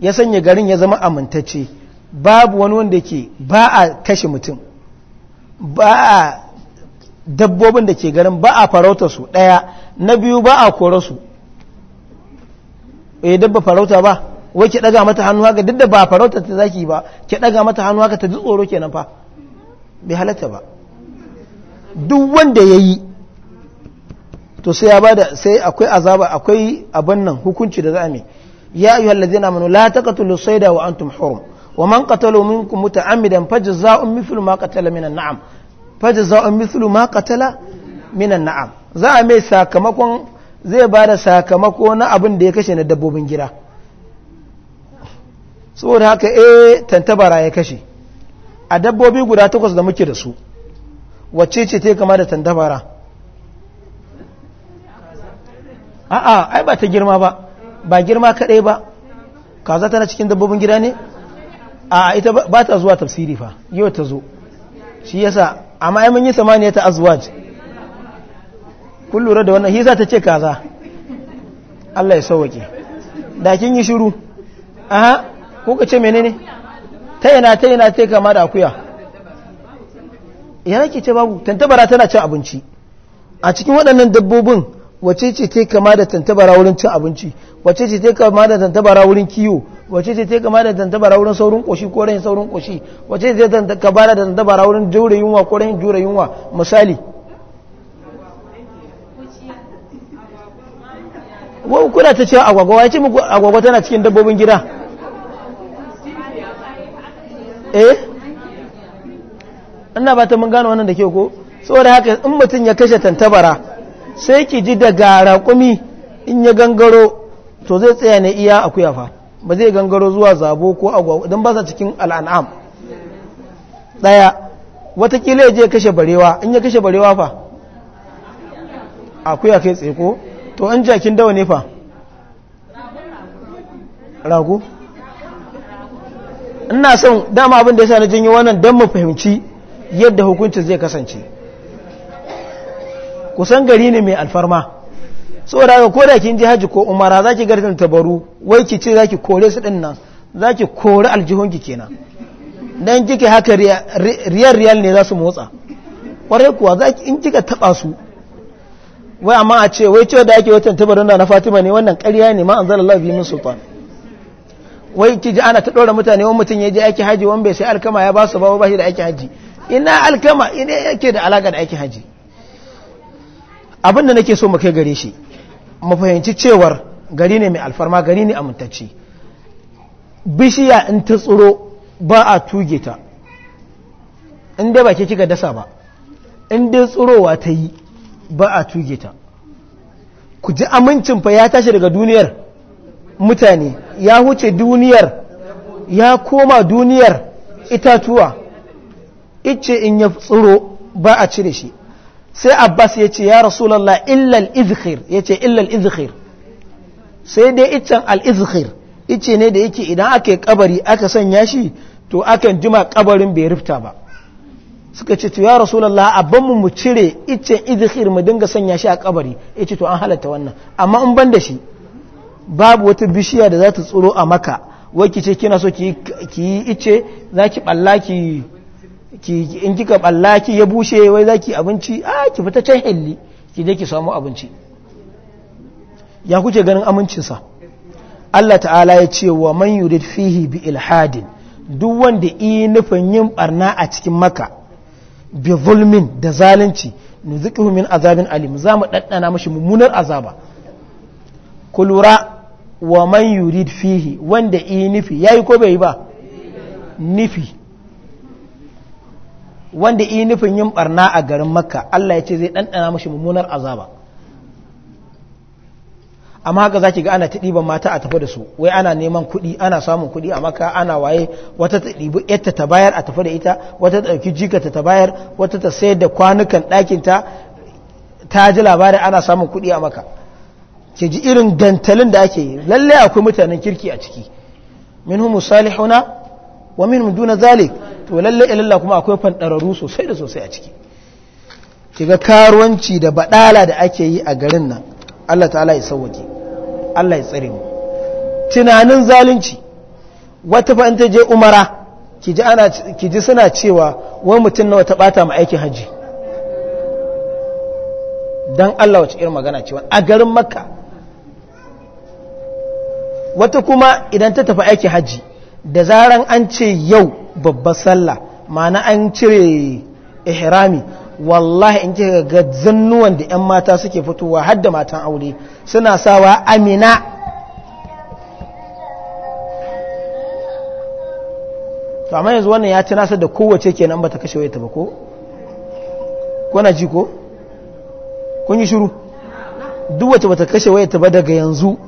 ya sanya garin ya zama amintacce babu wani wanda ke ba a kashe mutum ba a dabbobin da ke garin ba a farauta su ɗaya na biyu ba a kora su ya eh, dabba farauta ba wai ki ɗaga mata hannu haka duk da ba a farauta ta zaki ba ke ɗaga mata hannu haka ta ji tsoro kenan fa bai halatta ba duk wanda ya yi to sai ya bada sai akwai azaba akwai abin nan hukunci da za a mai ya ayyuhallazina amanu la taqtulu sayda wa wa'antum hurum wa man qatala minkum muta'ammidan fajza'un mithlu ma qatala minan na'am fajza'un mithlu ma qatala minan na'am za a mai sakamakon zai ba da sakamako na abin da ya kashe na dabbobin gida saboda haka e, tantabara ya kashe a dabbobi guda takwas da muke da su wacce ce ta kama da tantabara a'a ai ba ta girma ba ba girma kaɗai ba kaza tana cikin dabbobin gida ne a ita ba ta zuwa tafsiri fa yau ta zo shi yasa amma ai mun yi samaniya ta azwaj kun lura da wannan hisa ta ce kaza Allah ya sauke. da kin yi shiru aha ko ka ce menene ta yana ta yana ta kama da akuya ya ke ce babu tantabara tana cin abinci a cikin waɗannan dabbobin wace ce ta kama da tantabara wurin cin abinci wace ce ta kama da tantabara wurin kiwo wace ce ta kama da tantabara wurin saurin koshi ko rayin saurin koshi wace ce ta kama da tantabara wurin jure yunwa ko rayin jure yunwa misali wani kuna ta ce agwagwa ya ce muku agwagwa tana cikin dabbobin gida eh ina ba ta mun gano wannan da ke ko saboda haka in mutum ya kashe tantabara sai ki ji daga raƙumi in ya gangaro to zai tsaya ne iya akuya fa ba zai gangaro zuwa zabo ko agwagwa don ba sa cikin al'an'am ɗaya watakila ya je kashe barewa in ya kashe barewa fa akuya kai tseko to an jakin dawa ne fa ragu. ina son dama abin da ya sa na janyo wannan don mu fahimci yadda hukuncin zai kasance kusan gari ne mai alfarma saboda haka ko da kin je haji ko umara za ki garzan tabaru wai ki ce za ki kore su din nan za ki kore ki kenan don kike haka riyar riyal ne za su motsa kware kuwa za ki in kika taɓa su wai amma a ce wai ce da ake watan tabarun da na fatima ne wannan ƙarya ne ma an zala lafi min sultan wai ki ji ana ta ɗora mutane wani mutum ya je aiki haji wani bai sai alkama ya ba su ba ba shi da aiki haji ina alkama ina yake da alaƙa da aiki haji abin da nake so mu kai gare shi mu cewar gari ne mai alfarma gari ne amintacce bishiya in ta tsiro ba a tuge ta inda ba ke kika dasa ba in dai tsirowa ta yi ba a tuge ta ku ji amincin fa ya tashi daga duniyar mutane ya huce duniyar ya koma duniyar itatuwa ice in ya tsiro ba a cire shi sai abbas ya ce ya rasulallah illal izhir ya ce illal izhir sai dai iccen al-izhir ice ne da yake idan aka yi kabari aka sanya shi to akan jima kabarin bai rufta ba suka ce to ya rasulallah abbanmu mu cire iccen izhir mu dinga sanya shi a kabari ce to an halatta wannan amma in ban da shi babu wata bishiya da za ta tsoro a maka wai ki ce kina so ki yi ice za ki balla ki ki in kika balla ki ya bushe wai zaki abinci a ki fita can helli ki je ki samu abinci ya kuke ganin amincinsa Allah ta'ala ya ce wa man yurid fihi bi ilhadin duk wanda yi nufin yin barna a cikin maka bi zulmin da zalunci nuzuqihu min azabin alim za mu daddana mashi mummunar azaba Kulura wa man yurid fihi wanda yi nufi yayi ko bai ba nufi wanda yi nufin yin barna a garin makka Allah ya ce zai ɗanɗana mashi mummunar azaba amma haka za ki ga ana taɗiban mata a tafi da su wai ana neman kuɗi ana samun kuɗi a maka ana waye wata ta ɗibi yadda ta bayar a tafi da ita wata ta ɗauki jika ta bayar wata ta sayar da kwanukan ɗakinta ta ji labarin ana samun kuɗi a maka ke ji irin dantalin da ake yi lallai akwai mutanen kirki a ciki minhum salihuna wa minhum duna zalik to lalle ilalla kuma akwai fanɗararru sosai da sosai a ciki kiga karuwanci da badala da ake yi a garin nan Allah ta'ala ya sauwake Allah ya tsare mu tunanin zalunci wata fa ta je umara kiji ana kiji suna cewa wai mutum nawa ta bata mu aikin haji dan Allah wace irin magana ce a garin makka wata kuma idan ta tafi aikin haji da zaran an ce yau babbar sallah ma'ana an cire ihrami wallahi in ce ga zannuwan da 'yan mata suke fitowa har da matan aure suna sawa amina to amma yanzu wannan ya ci nasa da kowace kenan ba ta kashe wayata ba ko kuna ji ko kun yi shiru duk wata ba ta kashe wayata ba daga yanzu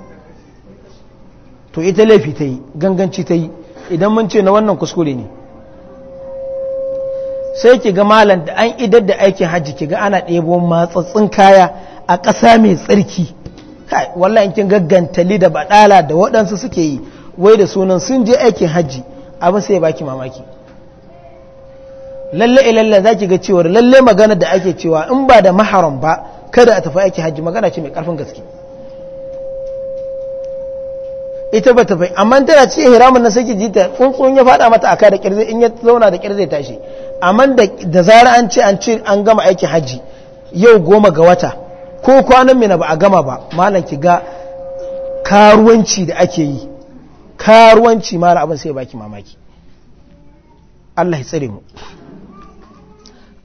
to ita laifi ta yi ganganci ta yi idan mun ce na wannan kuskure ne sai ki ga malam da an idar da aikin hajji ki ga ana ɗebo matsatsin kaya a ƙasa mai tsarki kai wallahi kin gaggantali da baɗala da waɗansu suke yi wai da sunan sun je aikin hajji abin sai baki mamaki lalle ilalle za ki ga cewar lalle magana da ake cewa in ba da maharam ba kada a tafi aikin hajji magana ce mai ƙarfin gaske ita ba ta amma tana cikin hiramun na sai ji ta tsuntsun ya fada mata aka da kirzai in ya zauna da kirzai tashi amma da zara an ce an ce an gama aiki hajji yau goma ga wata ko kwanan mina ba a gama ba malam ki ga karuwanci da ake yi karuwanci mara abin sai baki mamaki Allah ya tsare mu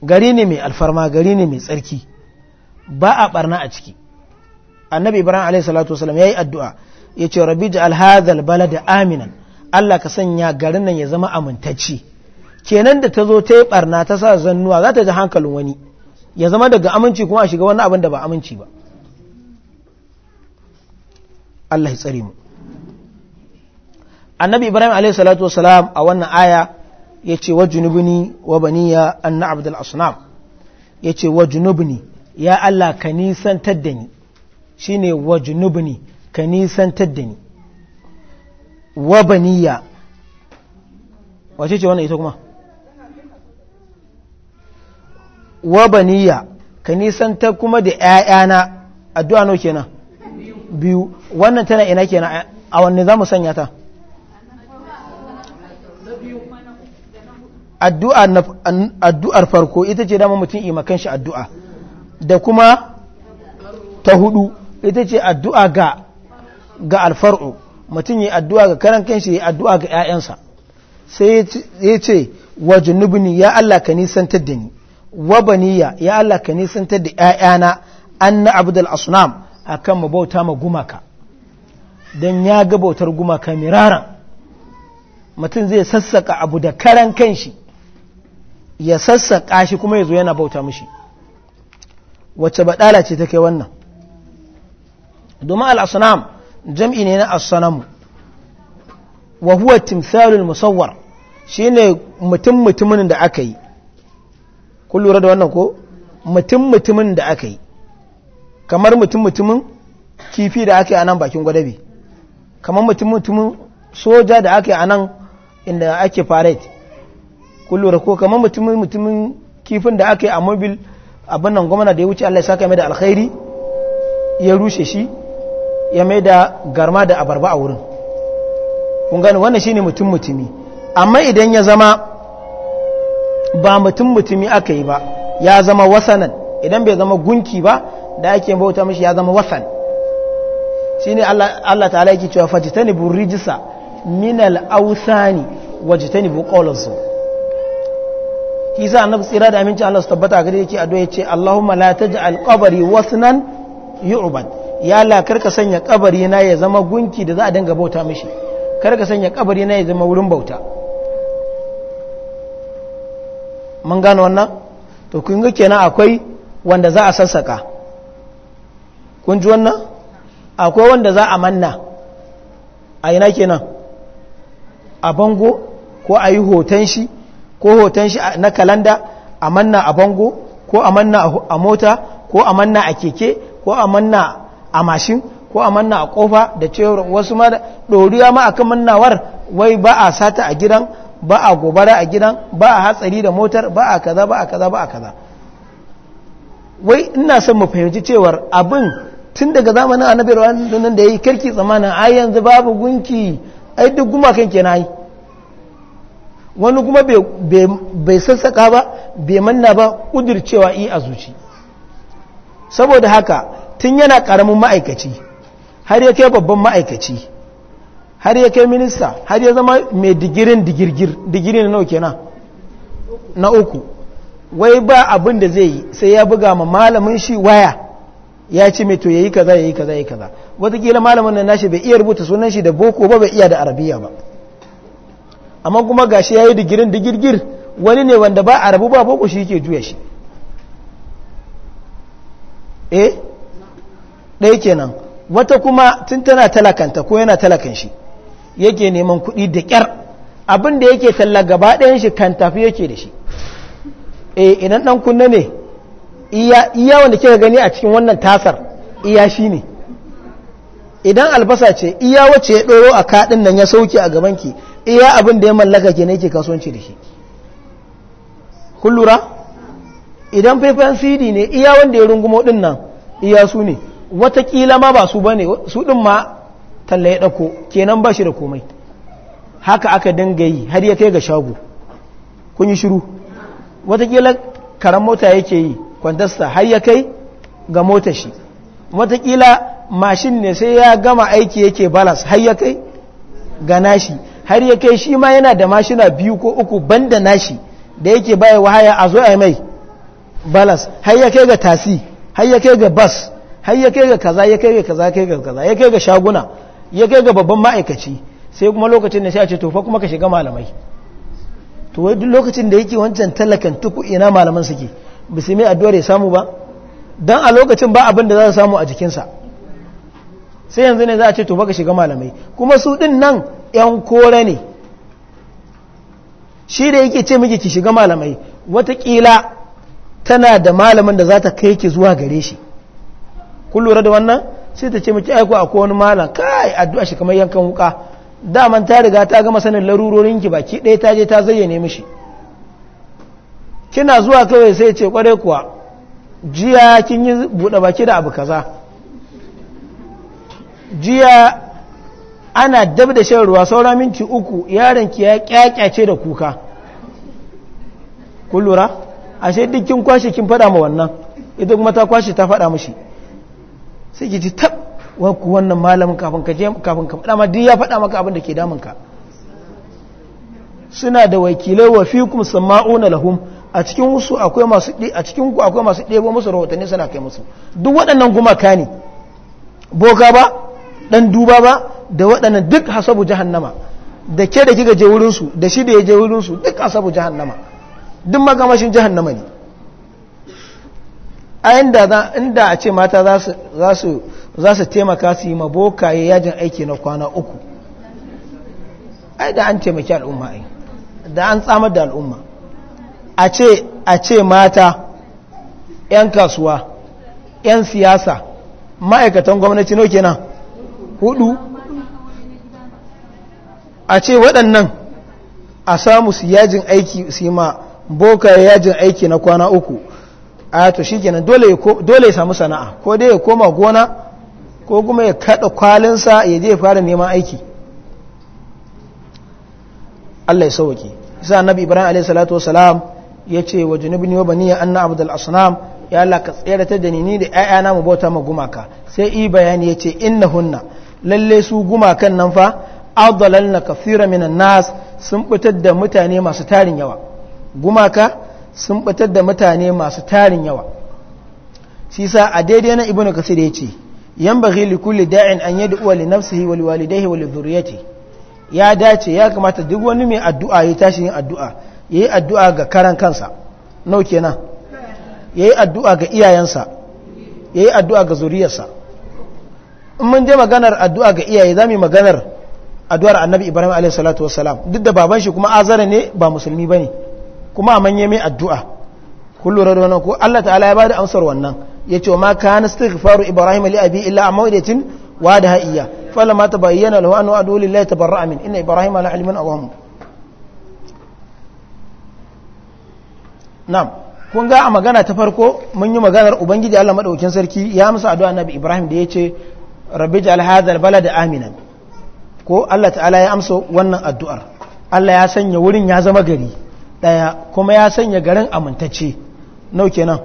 gari ne mai alfarma gari ne mai tsarki ba a barna a ciki annabi ibrahim alaihi salatu wasallam yayi addu'a ya ce rabi da alhazal da aminan Allah ka sanya garin nan ya zama amintacci kenan da ta zo ta yi barna ta sa zannuwa za ta ji hankalin wani ya zama daga aminci kuma a shiga wani abin da ba aminci ba Allah ya tsare mu annabi ibrahim alaihi salatu wasalam a wannan aya ya ce wa junubni wa baniya anna abdul asnam ya ce wa ya Allah ka nisantar da ni shine wa ka nisantar da ni wa baniya wace ce wannan ita kuma wa baniya ka nisantar kuma da ‘ya'yana addu'a no kenan biyu wannan tana ina kenan a wanne za mu sanya ta addu'ar farko ita ce dama mutum imakan shi addu'a da kuma ta hudu ita ce addu'a ga ga alfar'u mutum yi addu'a ga karan kanshi yi addu'a ga 'ya'yansa sai ya ce wa junubni ya Allah ka nisantar da ni wa baniya ya Allah ka nisantar da 'ya'yana an na abdul asnam a mu bauta ma gumaka don ya ga bautar gumaka miraran mutum zai sassaka abu da karan kanshi ya sassaka shi kuma ya zo yana bauta mushi wacce baɗala ce ta kai wannan domin al'asunam jam'i ne na asanamu wa huwa timsalul musawwar shine mutum mutumin da aka yi kun lura da wannan ko mutum mutumin da aka yi kamar mutum mutumin kifi da aka yi a nan bakin gwadabi kamar mutum mutumin soja da aka yi a nan inda ake parade kun lura ko kamar mutumin mutumin kifin da aka yi a mobil abin nan gwamna da ya wuce Allah ya saka mai da alkhairi ya rushe shi ya mai da garma da abarba a wurin kun gani wannan shine mutum mutumi amma idan ya zama ba mutum mutumi aka yi ba ya zama wasanan idan bai zama gunki ba da ake bauta mashi ya zama wasan shi ne Allah ta yake cewa fajtanibu rijsa min al-awsani wajtanibu qawlazu sa annabi tsira da aminci Allah su tabbata gari yake doye ce Allahumma la wasu nan yi ubat ya la karka sanya kabari na ya zama gunki da za a dinga bauta mishi karka sanya kabari na ya zama wurin bauta mun gano wannan to kun ga kenan akwai wanda za a sassaka kun ji wannan akwai wanda za a manna a ina kenan a bango ko a yi hoton shi ko hoton shi na kalanda a manna a bango ko a manna a mota ko a manna a keke ko a manna a mashin ko a manna a kofa da cewar wasu ma ɗoriya ma a kan mannawar wai ba a sata a gidan ba a gobara a gidan ba a hatsari da motar ba a kaza ba a kaza ba a kaza wai ina son mu fahimci cewar abin tun daga zamanin annabi nan da ya yi kirki tsamanin a yanzu babu gunki ai duk gumakan na yi wani kuma bai sassaka ba bai manna ba kudircewa i a zuci saboda haka tun yana karamin ma'aikaci har ya babban ma'aikaci har ya minista har ya zama mai digirin digirgir digiri na nau na na uku wai ba abin da zai yi sai ya buga ma malamin shi waya ya ce mai to yayi kaza yi kaza yi kaza wataƙila malamin nan nashi bai iya rubuta sunan shi da boko ba bai iya da arabiya ba amma kuma ga shi ya yi digirin digirgir wani ne wanda ba arabu ba boko shi yake juya shi eh ɗaya kenan wata kuma tun tana talakanta ko yana talakan shi yake neman kuɗi da ƙyar abin yake talla gaba ɗayan shi kan tafi yake da shi e idan ɗan kunna ne iya wanda kika gani a cikin wannan tasar iya shi ne idan albasa ce iya wacce ya ɗoro a kaɗin nan ya sauke a gabanki iya abin da ya mallaka ke ne ke kasuwanci da shi kun idan faifan cd ne iya wanda ya rungumo ɗin nan iya su ne watakila ma ba su ba ne su ɗin ma talla ya ɗako kenan ba shi da komai haka aka dinga yi har ya kai ga shago kun yi shiru watakila karan mota yake yi kwandasta har ya kai ga mota shi watakila mashin ne sai ya gama aiki yake balas har ya kai ga nashi har ya kai shi ma yana da mashina biyu ko uku banda nashi da yake baya wahaya a zo a mai balas har ya kai ga tasi har ya kai ga bas har ya kai ga kaza ya kai ga kaza kai ga kaza ya kai ga shaguna ya kai ga babban ma'aikaci sai kuma lokacin da sai a ce tofa kuma ka shiga malamai to wai duk lokacin da yake wancan talakan tuku ina malaman suke ba su mai addu'ar ya samu ba dan a lokacin ba abin da za su samu a sa sai yanzu ne za a ce tofa ka shiga malamai kuma su din nan yan kore ne shi da yake ce miki ki shiga malamai wata watakila tana da malamin da za ta kai ki zuwa gare shi kun lura da wannan sai ta ce miki aiko akwai wani malam kai addu'a shi kamar yankan wuka daman ta riga ta gama sanin larurorin ki baki ɗaya ta je ta zayyane mishi kina zuwa kawai sai ce kwarai kuwa jiya kin yi buɗe baki da abu kaza jiya ana dab da shan ruwa saura minti uku yaron ki ya kyakyace da kuka kun lura ashe dukkin kin kin faɗa ma wannan idan kuma ta kwashe ta faɗa mishi sai ki ji tab ku wannan malamin kafin ka je kafin ka faɗa ma duk ya faɗa maka abin da ke damun ka suna da wakilai wa fikum sama'una lahum a cikin wasu akwai masu a cikin ku akwai masu ɗebo musu rahotanni suna kai musu duk waɗannan kuma ka ne boga ba dan duba ba da waɗannan duk hasabu jahannama da ke da kika je wurin su da shi da ya je wurin su duk hasabu jahannama duk magamashin jahannama ne a inda a ce mata za su taimaka su yi ya yajin aiki na kwana uku ai da an taimaki al'umma ai da an tsamar da al'umma a ce mata 'yan kasuwa 'yan siyasa ma'aikatan gwamnati no kenan hudu a ce waɗannan a samu su yajin aiki su yi ma boka yajin aiki na kwana uku a to shi kenan dole ya samu sana'a ko dai ya koma gona ko kuma ya kada kwalinsa ya je fara neman aiki Allah ya sauki isa annabi ibrahim alayhi salatu wasalam ya ce wa junubni wa baniya anna abdul asnam ya Allah ka tsayar da ni da ƴaƴana mu bauta ma gumaka sai i bayani ya ce innahunna lalle su gumakan nan fa addalalna kathira minan nas sun fitar da mutane masu tarin yawa gumaka sun batar da mutane masu tarin yawa shi sa a daidai na ibnu kasir ya ce yan baghi li kulli da'in an yad'u li nafsihi wa li walidayhi ya dace ya kamata duk wani mai addu'a ya tashi yin addu'a yayi addu'a ga karan kansa nau kenan yayi addu'a ga iyayensa yayi addu'a ga zuriyarsa in mun je maganar addu'a ga iyaye zamu maganar addu'ar annabi ibrahim alaihi salatu wassalam duk da baban shi kuma azara ne ba musulmi bane kuma a manye mai addu'a kullum da wannan ko Allah ta'ala ya da amsar wannan ya ce ma kana faru ibrahim Ali abi illa a mawadacin wa da hayya fala ma bayyana lahu annahu dole lillahi tabarra'a amin. inna ibrahim la a awham na'am kun ga a magana ta farko mun yi maganar ubangiji Allah maɗaukin sarki ya amsa addu'a annabi ibrahim da ya ce rabbi ja'al hadha balada aminan ko Allah ta'ala ya amsa wannan addu'ar Allah ya sanya wurin ya zama gari ɗaya kuma ya sanya garin amintacce nauke nan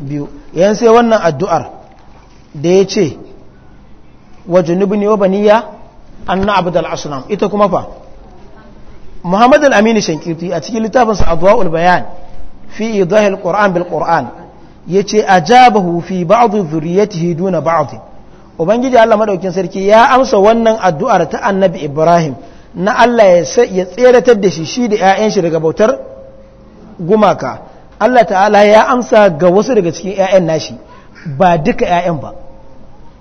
biyu yan sai wannan addu'ar da ya ce wa ne wa baniya an na abu ita kuma fa muhammadu al’amini shankirti a cikin littafinsa zuwa bayan fi idahil ƙor'an bil ƙor'an ya ce a jabahu fi ba'adu hidu na ba'adu ubangiji allah madaukin sarki ya amsa wannan addu'ar ta annabi ibrahim na allah ya tseratar da shi shi da 'ya'yan shi daga bautar gumaka Allah ta'ala ya amsa ga wasu daga cikin 'ya'yan nashi ba duka 'ya'yan ba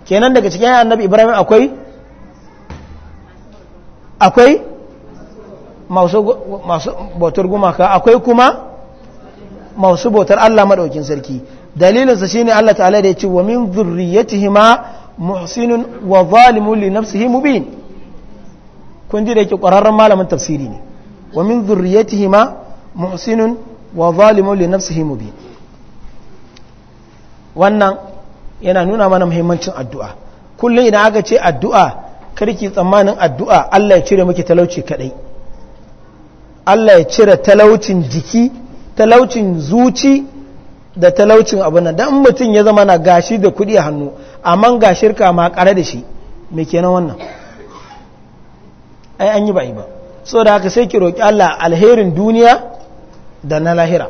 kenan daga cikin 'ya'yan annabi ibrahim akwai akwai masu bautar gumaka akwai kuma masu bautar Allah maɗaukin sarki dalilinsa shi ne Allah ta'ala da ya ce wa min zurriyatihi muhsinun wa zalimun li nafsihi mubin kun ji da yake ƙwararren malamin tafsiri ne wa min zurriyatihi muhsinun wa zalimun li nafsihi mubin wannan yana nuna mana muhimmancin addu'a kullum idan aka ce addu'a karki tsammanin addu'a Allah ya cire miki talauci kadai Allah ya cire talaucin jiki talaucin zuci da talaucin abun nan dan mutum ya zama na gashi da kudi a hannu amma ga shirka ma kare da shi me kenan wannan ai an yi ba yi ba so da haka sai ki roki Allah alherin duniya da na lahira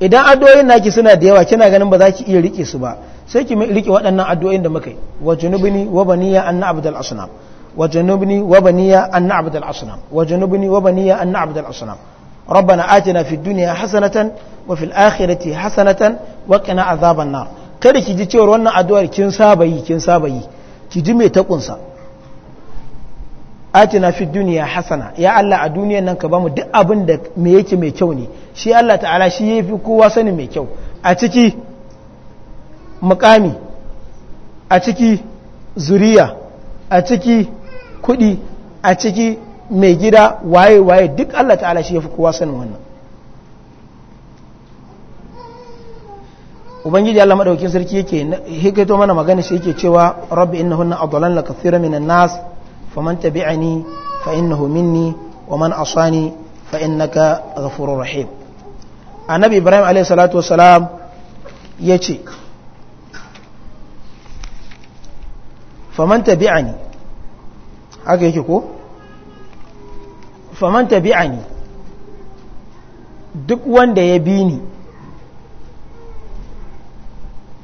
idan addu'o'in naki suna da yawa kina ganin ba za ki iya rike su ba sai ki rike waɗannan addu'o'in da muka yi wa junubni wa baniya anna abdul asnam wa junubni wa baniya anna abdul asnam wa junubni wa baniya anna abdul asnam ربنا آتنا في الدنيا حسنة وفي الآخرة حسنة وقنا عذاب النار kada ki ji cewar wannan addu'ar kin saba yi kin saba yi ki ji me ta atina fi duniya hasana ya Allah a duniyan nan ka bamu duk abin da me yake mai kyau ne shi Allah ta'ala shi yafi kowa sani mai kyau a ciki mukami a ciki zuriya a ciki kudi a ciki mai gida waye waye duk Allah ta'ala shi fi kowa sanin wannan ubangiji Allah madaukakin sarki yake hikaito mana magana shi yake cewa rabbi innahunna adlalna kathira minan nas faman tabi'ani fa innahu minni wa man asani fa innaka ghafurur rahim annabi ibrahim alayhi salatu wassalam yace faman tabi'ani haka ko duk wanda ya bi ni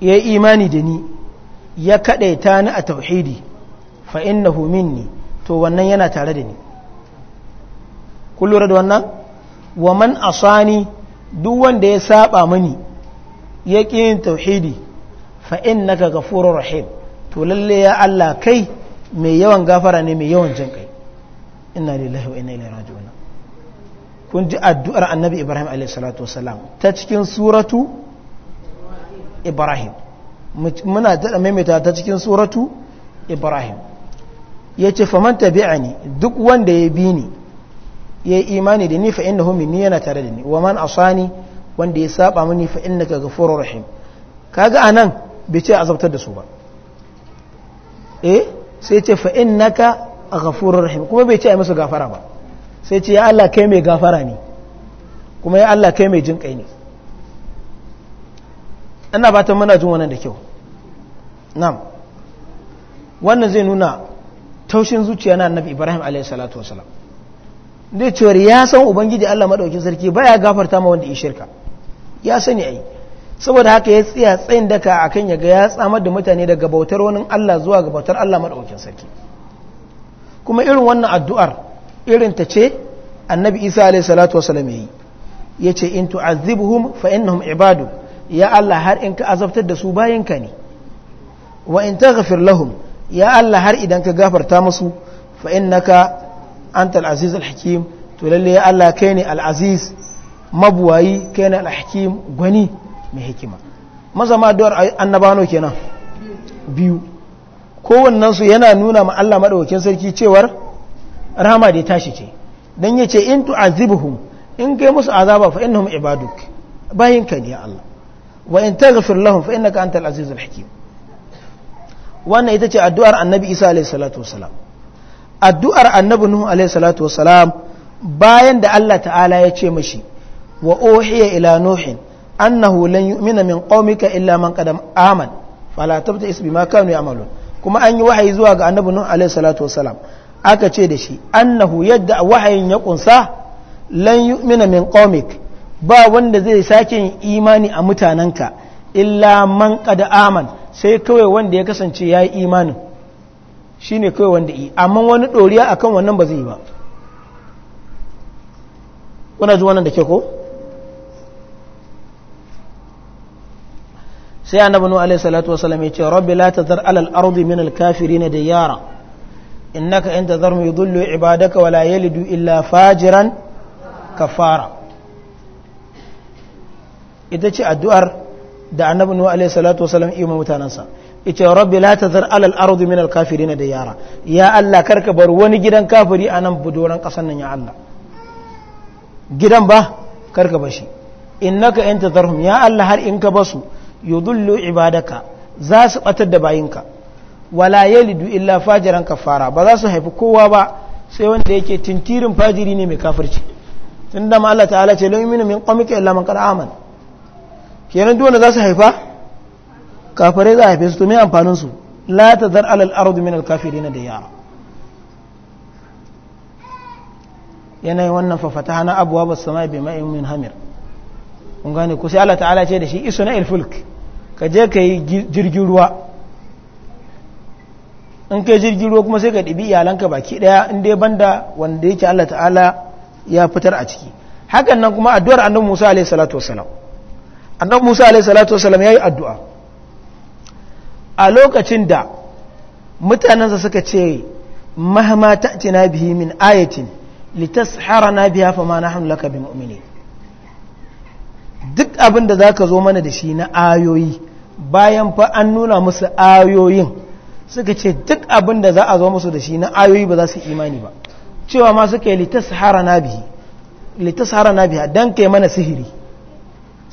ya imani da ni ya kadaita ni a tauhidi fa innahu minni to wannan yana tare da ni kun lura da wannan wa man asani duk wanda ya saba mani ya yin tauhidi fa innaka ghafurur rahim to lalle ya Allah kai mai yawan gafara ne mai yawan jin kai inna lillahi wa inna ilaihi raji'un kun ji addu'ar annabi ibrahim alayhi salatu wasalam ta cikin suratu ibrahim muna daɗa maimaita ta cikin suratu ibrahim ya ce faman ne duk wanda ya bi ni ya yi imani da ni fa homi ni yana tare da ni wa man asani wanda ya saba mini fa ga furo rahim kaga anan bai ce azabtar da su ba eh sai ce fa ga furo rahim kuma bai ce a yi musu gafara ba sai ce ya Allah kai mai gafara ne kuma ya Allah kai mai jin kai ne ana fatan muna jin wannan da kyau na'am wannan zai nuna taushin zuciya na annabi ibrahim alaihi salatu wasalam dai cewar ya san ubangiji allah maɗaukin sarki baya gafarta ma wanda ya shirka ya sani ai saboda haka ya tsaya tsayin daka akan ya ga ya tsamar da mutane daga bautar wani allah zuwa ga bautar allah maɗaukin sarki kuma irin wannan addu'ar irin ta ce annabi isa alaihi salatu wasalam ya yi ya ce in tu'azzibhum fa innahum ibadu ya allah har in ka azabtar da su bayan ka ne wa in taghfir lahum ya Allah har idan ka gafarta musu fa innaka antal aziz al-hakim to lalle ya Allah kai ne al-aziz mabuwayi kai ne al-hakim gwani mai hikima mazama addu'ar annabano kenan biyu kowannen su yana nuna ma Allah madaukakin sarki cewar rahama da tashi ce dan yace in tu'azibuhum in kai musu azaba fa innahum ibaduk ka ne ya Allah wa in taghfir lahum fa innaka antal aziz al-hakim wannan ita ce addu'ar annabi isa alaihi salatu addu'ar annabi nuhu alaihi salatu bayan da Allah ta'ala ya ce mashi wa ohiya ila nuhin annahu lan yu'mina min qaumika illa man qad aman fala tabta isbi ma kanu ya'malun kuma an yi wahayi zuwa ga annabi nuhu alaihi salatu wasalam aka ce da shi annahu yadda wahayin ya kunsa lan yu'mina min qaumik ba wanda zai sake imani a mutananka illa man qad aman sai kawai wanda ya kasance ya yi imanin shi ne kawai wanda yi amma wani ɗoriya a kan wannan ba zai yi ba kuna ji wannan da ke ko? sai annabi nuhu alaihi salatu ya ce rabbi la zar alal ardi min al kafirin da yara innaka in tazarhum yudillu ibadaka wala yalidu illa fajiran kafara ita ce addu'ar da annabi nuhu alaihi salatu wasallam ima mutanansa yace rabbi la tazar alal ardi min al kafirin da yara ya Allah karka bar wani gidan kafiri a nan budoran kasan nan ya Allah gidan ba karka bashi innaka in tazarhum ya Allah har in ka basu yudullu ibadaka za su batar da bayinka wala yalidu illa fajiran kafara ba za su haifi kowa ba sai wanda yake tintirin fajiri ne mai kafirci tunda ma Allah ta'ala ce lan yu'minu min qawmika illa man qad amana kenan duwanda za su haifa kafirai za a haife su to amfanin amfaninsu la ta zar alal ardu min na da yara yanayin wannan fafata hana abuwa ba su sama bai ma'in min hamir kun gane ku sai Allah ta'ala ce da shi isu na ilfulk ka je ka yi jirgin ruwa in ka yi jirgin ruwa kuma sai ka ɗibi iyalanka baki ɗaya in dai banda wanda yake Allah ta'ala ya fitar a ciki hakan nan kuma addu'ar annabi Musa alaihi salatu wassalam annabi musa alaihi salatu wasallam ya yi addu'a a lokacin da mutanensa suka ce mahama na bihi min ayatin na biha fama nahnu laka bimu'minin duk abin da zaka zo mana da shi na ayoyi bayan fa an nuna musu ayoyin suka ce duk abin da za a zo musu da shi na ayoyi ba za su imani ba cewa ma suka yi litasharana bihi biya biha dan kai mana sihiri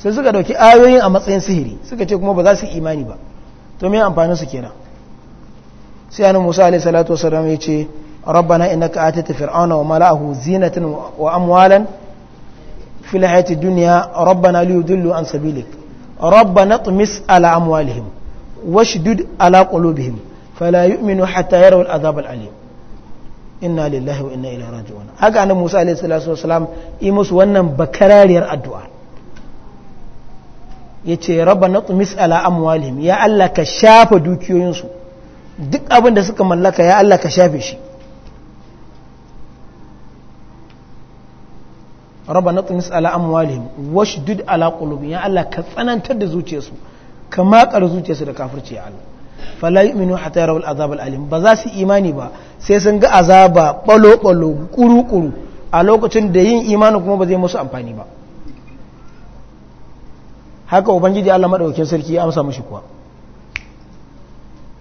sai suka dauki ayoyin a matsayin sihiri suka ce kuma ba za su imani ba to me amfanin su kenan sai annabi Musa alaihi salatu wasallam ya ce rabbana innaka atata fir'auna wa mala'ahu zinatan wa amwalan fil hayati dunya rabbana liyudillu an sabilik rabbana tumis ala amwalihim washdud ala qulubihim fala yu'minu hatta yaraw al'adhab al'alim inna lillahi wa inna ilaihi raji'un haka annabi Musa alaihi salatu wasallam yi musu wannan bakarariyar addu'a ya ce rabba na tsumis ala amwalim ya Allah ka shafa dukiyoyinsu duk abin da suka mallaka ya Allah ka shafe shi rabba na tsumis ala amwalim washdud ala qulubihim ya Allah ka tsanantar da zuciyarsu ka makar zuciyarsu da kafirci ya Allah minu yu'minu ya yarawul azabal alim ba za su imani ba sai sun ga azaba balo balo kuru kuru a lokacin da yin imani kuma ba zai musu amfani ba haka ubangiji Allah madaukakin sarki ya amsa mashi kuwa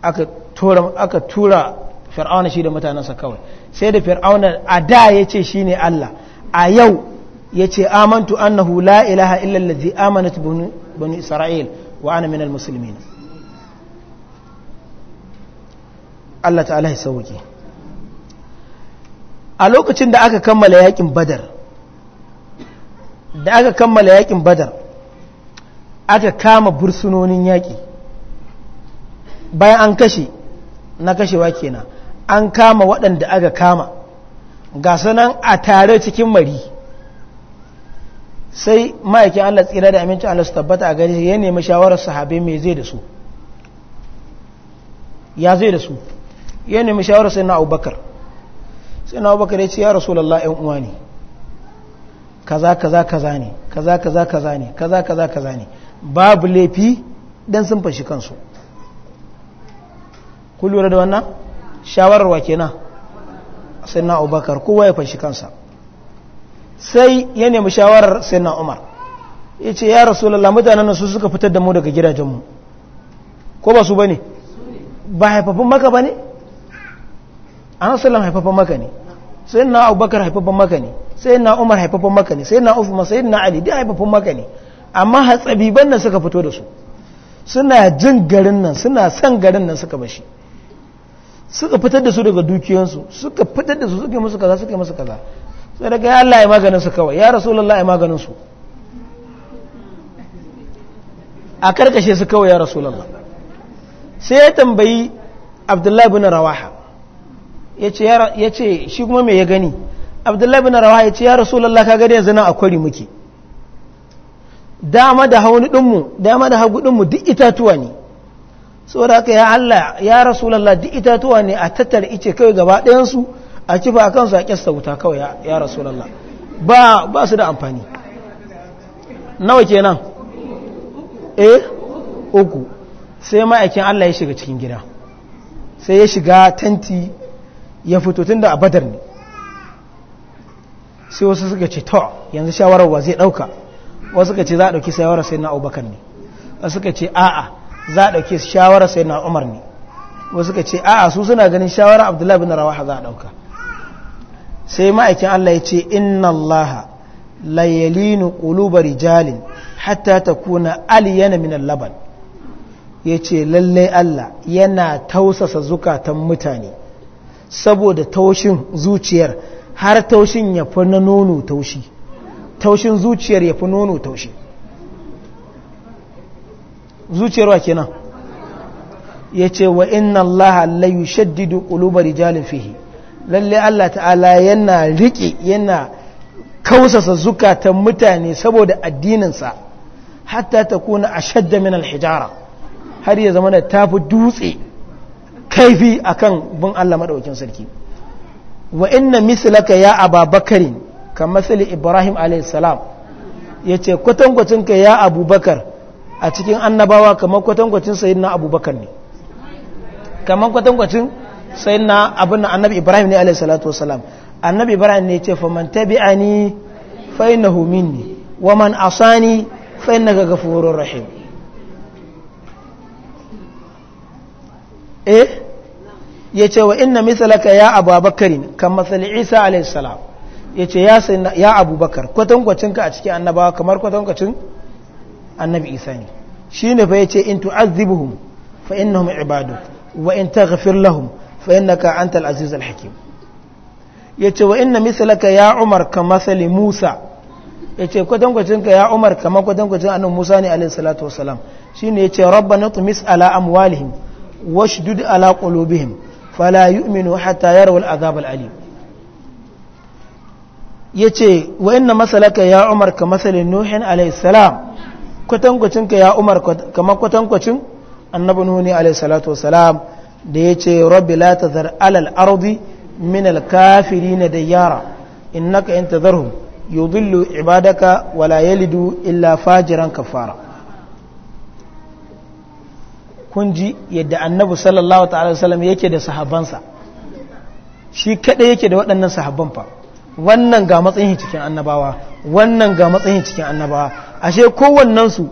aka tura aka tura fir'auna shi da mutanensa kawai sai da fir'auna a da yace shine Allah a yau yace amantu annahu la ilaha illa allazi amanat bani isra'il wa ana minal muslimin Allah ta'ala ya sauke a lokacin da aka kammala yakin badar da aka kammala yakin badar aka kama bursunonin yaƙi bayan an kashe na kashewa kenan an kama waɗanda aka kama ga sanan a tare cikin mari sai ma'aikin Allah tsira da amincin Allah su tabbata a gari ya nemi shawarar sahabai mai zai da su ya zai da su ya nemi shawarar sai na abubakar sai na abubakar ya ce ya rasu lalla yan uwa ne kaza kaza kaza ne kaza kaza kaza ne kaza kaza kaza ne babu laifi dan sun fashi kansu ku lura da wannan shawararwa kenan sai na abubakar kowa ya fashi kansa sai ya nemi shawarar sai na umar ya ce ya rasulallah mutanen su suka fitar da mu daga gidajenmu ko ba su ba ne ba haifafin maka ba ne an salam haifafin maka ne sai na abubakar haifafin maka ne sai na umar haifafin maka ne sai na ufuma sai na ali dai haifafin maka ne amma hatsabiban nan suka fito da su suna jin garin nan suna son garin nan suka bashi suka fitar da su daga dukiyansu suka fitar da su suke musu kaza suke musu kaza sai daga ya Allah ya maganin su kawai ya rasulullah ya maganin su a karkashe su kawai ya rasulullah sai ya tambayi abdullahi bin rawaha ya ce shi kuma me ya gani abdullahi bin rawaha ya ce ya rasulullah ka gani yanzu nan kwari muke dama da hauni dinmu dama da hagu dinmu duk itatuwa ne saboda haka ya Allah ya rasulullah duk itatuwa ne a tattara ice kai gaba ɗayan su a kifa a kansu a kyasta wuta kawai ya rasulullah ba ba su da amfani nawa kenan eh uku sai ma'aikin Allah ya shiga cikin gida sai ya shiga tanti ya fito tun da a badar ne sai wasu suka ce to yanzu shawararwa zai ɗauka wasu ka ce za a ɗauki shawarar sai na abubakar ne wasu ka ce a'a za a ɗauki shawarar sai na umar ne wasu ka ce a'a su suna ganin shawarar abdullahi bin rawaha za a ɗauka sai ma'aikin allah ya ce inna allah layalinu yalinu rijalin hatta takuna aliyana min laban laban yace lallai allah yana tausasa zukatan mutane saboda taushin zuciyar har taushin ya fi na nono taushi taushin zuciyar ya fi nono taushi zuciyar wa kenan ya ce wa inna allaha la yushaddidu quluba rijalin fihi lalle Allah ta'ala yana riƙe yana kausasa zukatan mutane saboda addininsa hatta ta kuna shadda min alhijara har ya zama da tafi dutse kaifi akan bin Allah maɗaukin sarki wa inna mislaka ya ababakarin kamasali ibrahim alaihissalam ya ce kwatankwacinka ya abubakar a cikin annabawa kamar kwatankwacin sayin na abubakar ne kamar kwatankwacin sayin na abin annabi ibrahim ne alaihissalatu wasalam annabi ibrahim ne ce faman na homin ne wa man asani gaga gafurur rahim eh? ya ce wa ina misalaka ya abubakarin kan masali isa alaihissalam ya ce ya abubakar kwatankwacinka a cikin annabawa kamar kwatankwacin annabi isa ne shi ne fa ya ce in tu'azzibuhum fa innahum ibadu wa in taghfir lahum fa innaka antal aziz al hakim ya ce wa inna misalaka ya umar ka masali musa ya ce kwatankwacinka ya umar kamar kwatankwacin annabi musa ne alaihi salatu wasalam shi ne ya ce rabbana tumis ala amwalihim washdud ala qulubihim fala yu'minu hatta yarawul azab al alim ya ce wa ina masalaka ya umar ka masalin nuhin alaihissalam ka ya umar kama kwatankwacin annabi nuhuni alaihissalatu wasalam da ya ce rabbi la ta zar alal arzi min alkafiri na da yara innaka in ta zarhu yudillu ibadaka wala yalidu illa fajiran kafara kun ji yadda annabi sallallahu ta'ala wasallam yake da sahabansa shi kaɗai yake da waɗannan sahabban fa wannan ga matsayin cikin annabawa wannan ga matsayin cikin annabawa ashe kowannensu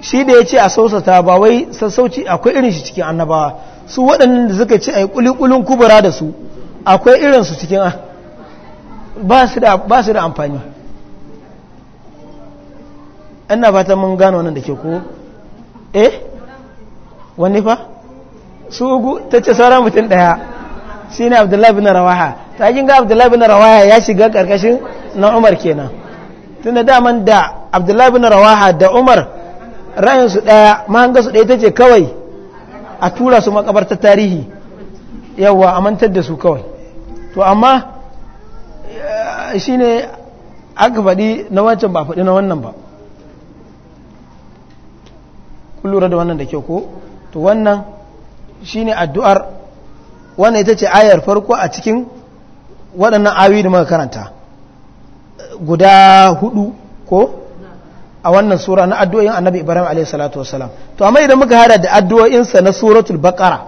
shi da ya ce a sausata ba wai sassauci akwai irin shi cikin annabawa su waɗannan da suka ce a yi ƙuliƙulin kubura da su akwai irinsu cikin a. ba su da amfani ina ta mun gano nan da ke ko eh wani fa su ugu ta ce sauran mutum ɗaya ne abdullahi bin rawaha ta kin ga abdullahi bin rawaha ya shiga karkashin na umar kenan tunda daman da abdullahi bin rawaha da umar ra'ayin su daya mahanga su daya tace kawai a tura su makabartar tarihi yawwa a mantar da su kawai to amma eh, ne aka faɗi na wancan ba faɗi na wannan ba kullura da wannan da kyau ko to wannan shi ne addu'ar wannan ita ce ayar farko a cikin waɗannan ayoyi da karanta guda hudu ko a wannan sura na addu'o'in annabi ibrahim a.s. to amma idan muka hada da addu'o'insa na suratul baƙara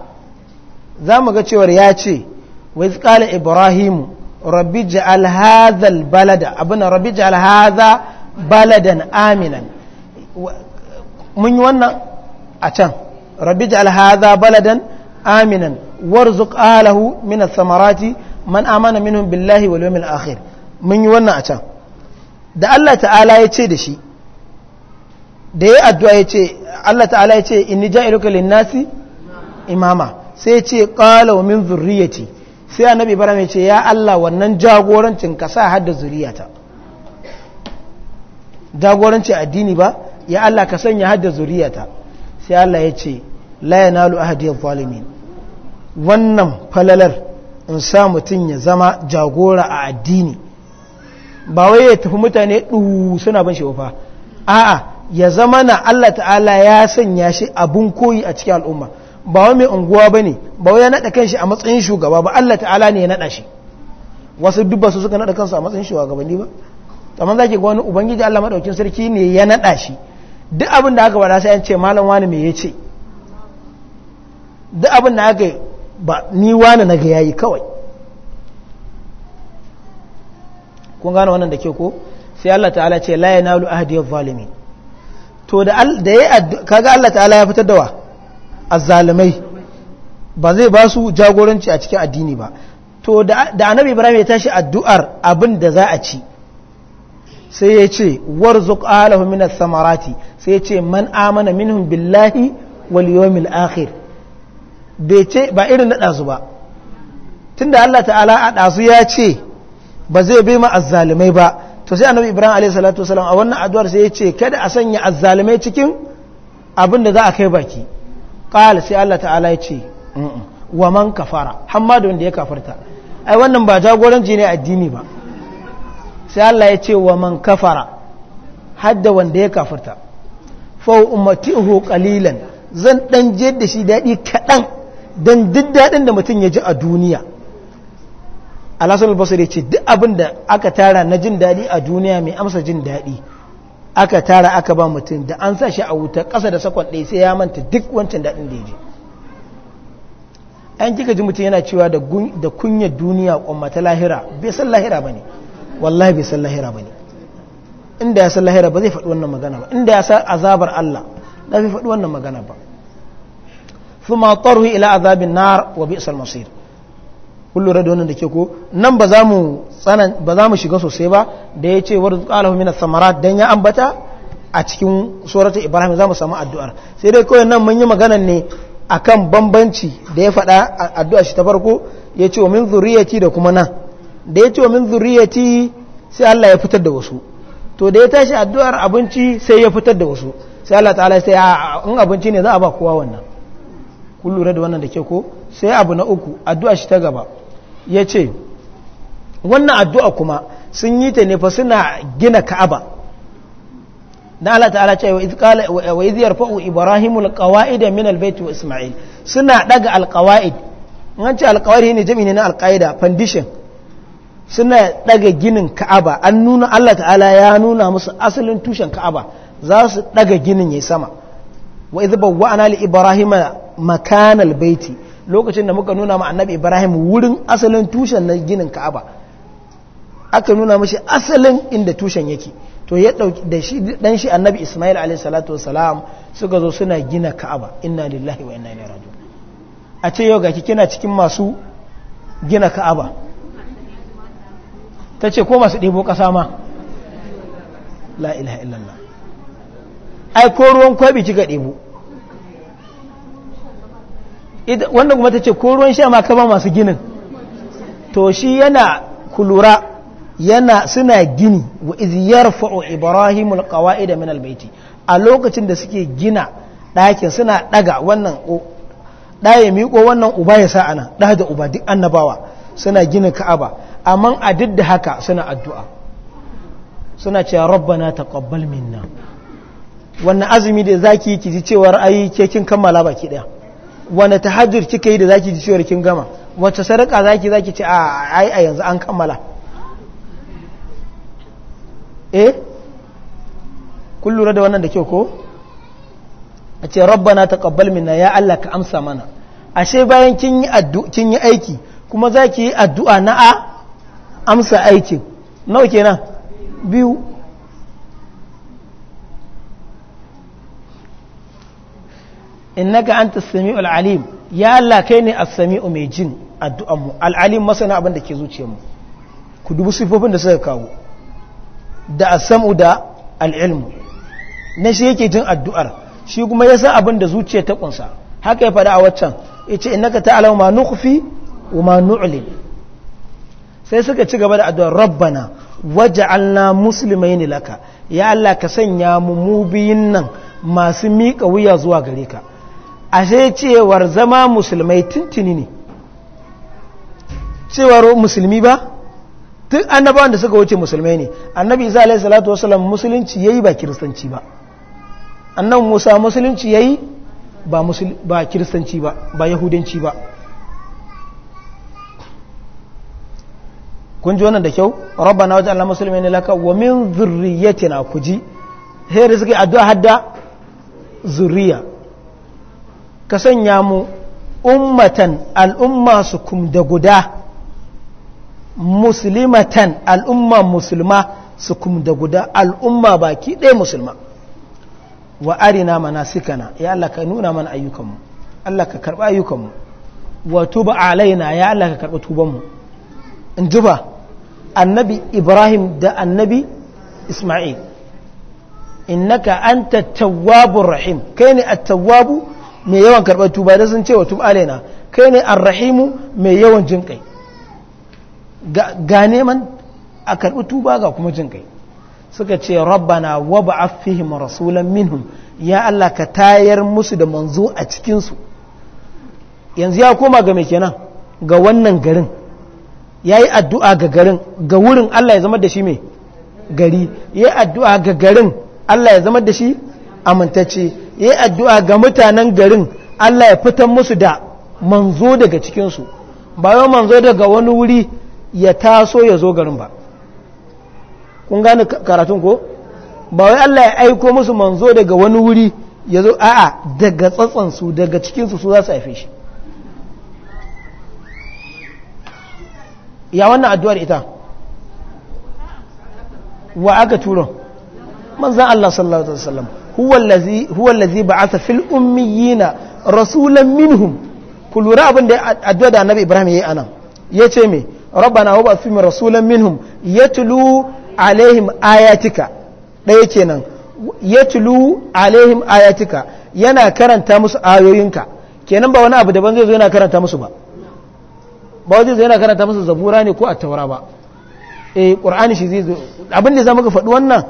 za mu ga cewar ya ce wai ƙala ibrahim rabbi ja'al hazal balada abin rabbi ja'al haza baladan aminan mun yi wannan a can rabbi ja'al haza baladan aminan warzuq ahlahu min samarati man amana minhum billahi wal yawmil akhir mun yi wannan a can da Allah ta'ala ya ce da shi da ya addu'a ya ce Allah ta'ala ya ce inni ja'iluka lin-nasi imama sai ya ce qala wa min zurriyati sai annabi ibrahim ya ce ya Allah wannan jagorancin ka sa hadda zuriyata jagoranci addini ba ya Allah ka sanya hadda zuriyata sai Allah ya ce la yanalu ahadiyadh zalimin wannan falalar in sa mutum ya zama jagora a addini ba wai ya tafi mutane ɗuhu suna ban shi ba a'a ya zama na Allah ta'ala ya sanya shi abun koyi a cikin al'umma ba wai mai unguwa ba ne ba wai ya naɗa kanshi a matsayin shugaba ba Allah ta'ala ne ya naɗa shi wasu dubba su suka naɗa kansu a matsayin shugabanni ba amma za ki ga wani ubangiji Allah maɗaukin sarki ne ya naɗa shi duk abin da aka faɗa sai an ce malam wani me ya ce duk abin da aka ba ni wane na ga yayi kawai kun gane wannan da ke ko sai Allah ta'ala ce la yanalu ahdi zalimin to da da yayi kaga Allah ta'ala ya fitar da wa az-zalimai ba zai ba su jagoranci a cikin addini ba to da annabi Ibrahim ya tashi addu'ar abin da za a ci sai ya ce warzuq alahu minas samarati sai ya ce man amana minhum billahi wal yawmil akhir bai ba irin na ɗazu ba tun da Allah ta'ala a ɗazu ya ce ba zai bai ma azzalimai ba to sai annabi ibrahim a.s. a wannan addu'ar sai ya ce kada a sanya azzalimai cikin abin da za a kai baki ƙal sai Allah ta'ala ya ce wa man kafara hamma da wanda ya kafarta ai wannan ba jagoranci ne addini ba sai Allah ya ce wa man kafara hadda wanda ya kafarta fa ummatihu qalilan zan dan jeddashi da shi dadi kadan don duk daɗin da mutum ya ji a duniya alasan basari ce duk abin da aka tara na jin daɗi a duniya mai amsa jin daɗi aka tara aka ba mutum da an sa shi a wuta ƙasa da sakon ɗaya sai ya manta duk wancan daɗin da ya ji an kika ji mutum yana cewa da kunyar duniya ƙwamma ta lahira bai san lahira ba ne wallahi bai san lahira ba ne inda ya san lahira ba zai faɗi wannan magana ba inda ya san azabar allah na zai faɗi wannan magana ba thumma tarwi ila azabin nar wa bi'sal masir kun da wannan da ke ko nan ba za mu tsana ba za mu shiga sosai ba da ya ce qalahu min as-samarat dan ya ambata a cikin surata ibrahim za mu samu addu'ar sai dai kawai nan mun yi magana ne akan bambanci da ya faɗa addu'ar shi ta farko ya ce wa min zuriyati da kuma nan da ya wa min zuriyati sai Allah ya fitar da wasu to da ya tashi addu'ar abinci sai ya fitar da wasu sai Allah ta'ala sai in abinci ne za a ba kowa wannan kullure da wannan da ke ko sai abu na uku addu'a shi ta gaba ya ce wannan addu'a kuma sun yi ta nefa suna gina ka'aba na Allah ta'ala ce wa iz yarfa'u ibrahimu alƙawa’id min albaitu wa isma'il suna ɗaga alƙawa’id an ce yi ne jami ne na alƙa’ida foundation suna ɗaga ginin ka'aba an nuna Allah ta'ala ya nuna musu asalin tushen ka'aba za su ɗaga ginin yi sama wa iz bawwa'na li ibrahima makanal baiti lokacin da muka nuna ma annabi ibrahim wurin asalin tushen na ginin ka'aba aka nuna mashi asalin inda tushen yake to ya dauki da shi dan shi annabi isma'il alayhi salatu wasalam suka zo suna gina ka'aba inna lillahi wa inna ilaihi raji'un a ce yau gaki kina cikin masu gina ka'aba ta ce ko masu ɗebo ƙasa ma la ilaha illallah ai ko ruwan kwabi kika ɗebo wanda kuma ta ce ko ruwan sha ma kama masu ginin to shi yana kulura yana suna gini wa iziyar fa'o ibrahim alƙawa'i da minal a lokacin da suke gina ɗakin suna ɗaga wannan ɗaya miƙo wannan uba ya sa ana ɗaya da uba duk annabawa suna gina ka'aba amma a duk da haka suna addu'a suna cewa rabbana taqabbal minna wannan azumi da zaki ki ji cewa ai ke kin kammala baki ɗaya wani tahajjud kika yi da zaki ji cewar kin gama wacce sadaka zaki zaki ce a a yanzu an kammala eh kun lura da wannan da kyau ko a ce rabbana taqabbal minna ya Allah ka amsa mana ashe bayan kin yi aiki kuma zaki yi addu'a na a amsa aikin nawa kenan biyu innaka anta samiul alim ya Allah kai ne as-sami'u mai jin addu'an mu al-alim masana abin da ke zuciyar mu ku dubi sifofin da suka kawo da as-sam'u da al ilm na shi yake jin addu'ar shi kuma ya san abin da zuciya ta kunsa haka ya faɗa a waccan yace innaka ta'lamu ma nukhfi wa ma nu'lin sai suka ci gaba da addu'ar rabbana waj'alna muslimaini laka ya Allah ka sanya mu mubiyin nan masu miƙa wuya zuwa gare ka A sai cewar zama musulmai tuntuni ne cewar musulmi ba tun annabawan da suka wuce musulmai ne annabi isa alaihi salatu wasallam musulunci yayi ba kiristanci ba annabi musa musulunci yayi ba ba kiristanci ba ba yahudanci ba kun ji wannan da kyau rabbana musulmi ne laka wa min dhurriyyatina kuji sai da suka addu'a hadda zuriya ka sanya mu ummatan al'umma su kum da guda muslimatan al'umma musulma su kum da guda al'umma baki ɗaya musulma wa arina mana sikana ya Allah ka nuna mana ayyukanmu Allah ka karɓa ayyukanmu wa tuba alaina ya Allah ka karɓa tubanmu in ji ba annabi ibrahim da annabi isma'il innaka anta tawwabur rahim kai ne at-tawwabu mai yawan karɓar tuba da sun ce wa alaina kai ne arrahimu mai yawan jin kai ga neman a karɓi tuba ga kuma jin kai suka ce rabbana wa ba'ath fihim rasulan minhum ya Allah ka tayar musu da manzo a cikinsu yanzu ya koma ga mai kenan ga wannan garin yayi addu'a ga garin ga wurin Allah ya zama da shi mai gari yayi addu'a ga garin Allah ya zama da shi amintacce yi addu'a ga mutanen garin Allah ya fitan musu da manzo daga cikinsu ba yau manzo daga wani wuri ya taso ya zo garin ba kun gane karatun ko ba wai Allah ya aiko musu manzo daga wani wuri ya zo a'a daga tsatsansu daga cikinsu su za su haife shi ya wannan addu'ar ita wa aka turo manzan Allah sallallahu Alaihi wasallam huwa allazi ba'atha fil na rasulan minhum ku lura abin da addu'a da annabi ibrahim ya yi anan Ya ce me rabbana wa ba'ath fihim rasulan minhum yatlu alaihim ayatika daya kenan yatlu alaihim ayatika yana karanta musu ayoyinka kenan ba wani abu daban zai zo yana karanta musu ba ba zai zo yana karanta musu zabura ne ko a taura ba eh ƙur'ani shi zai zo abin da zamu ga faɗi wannan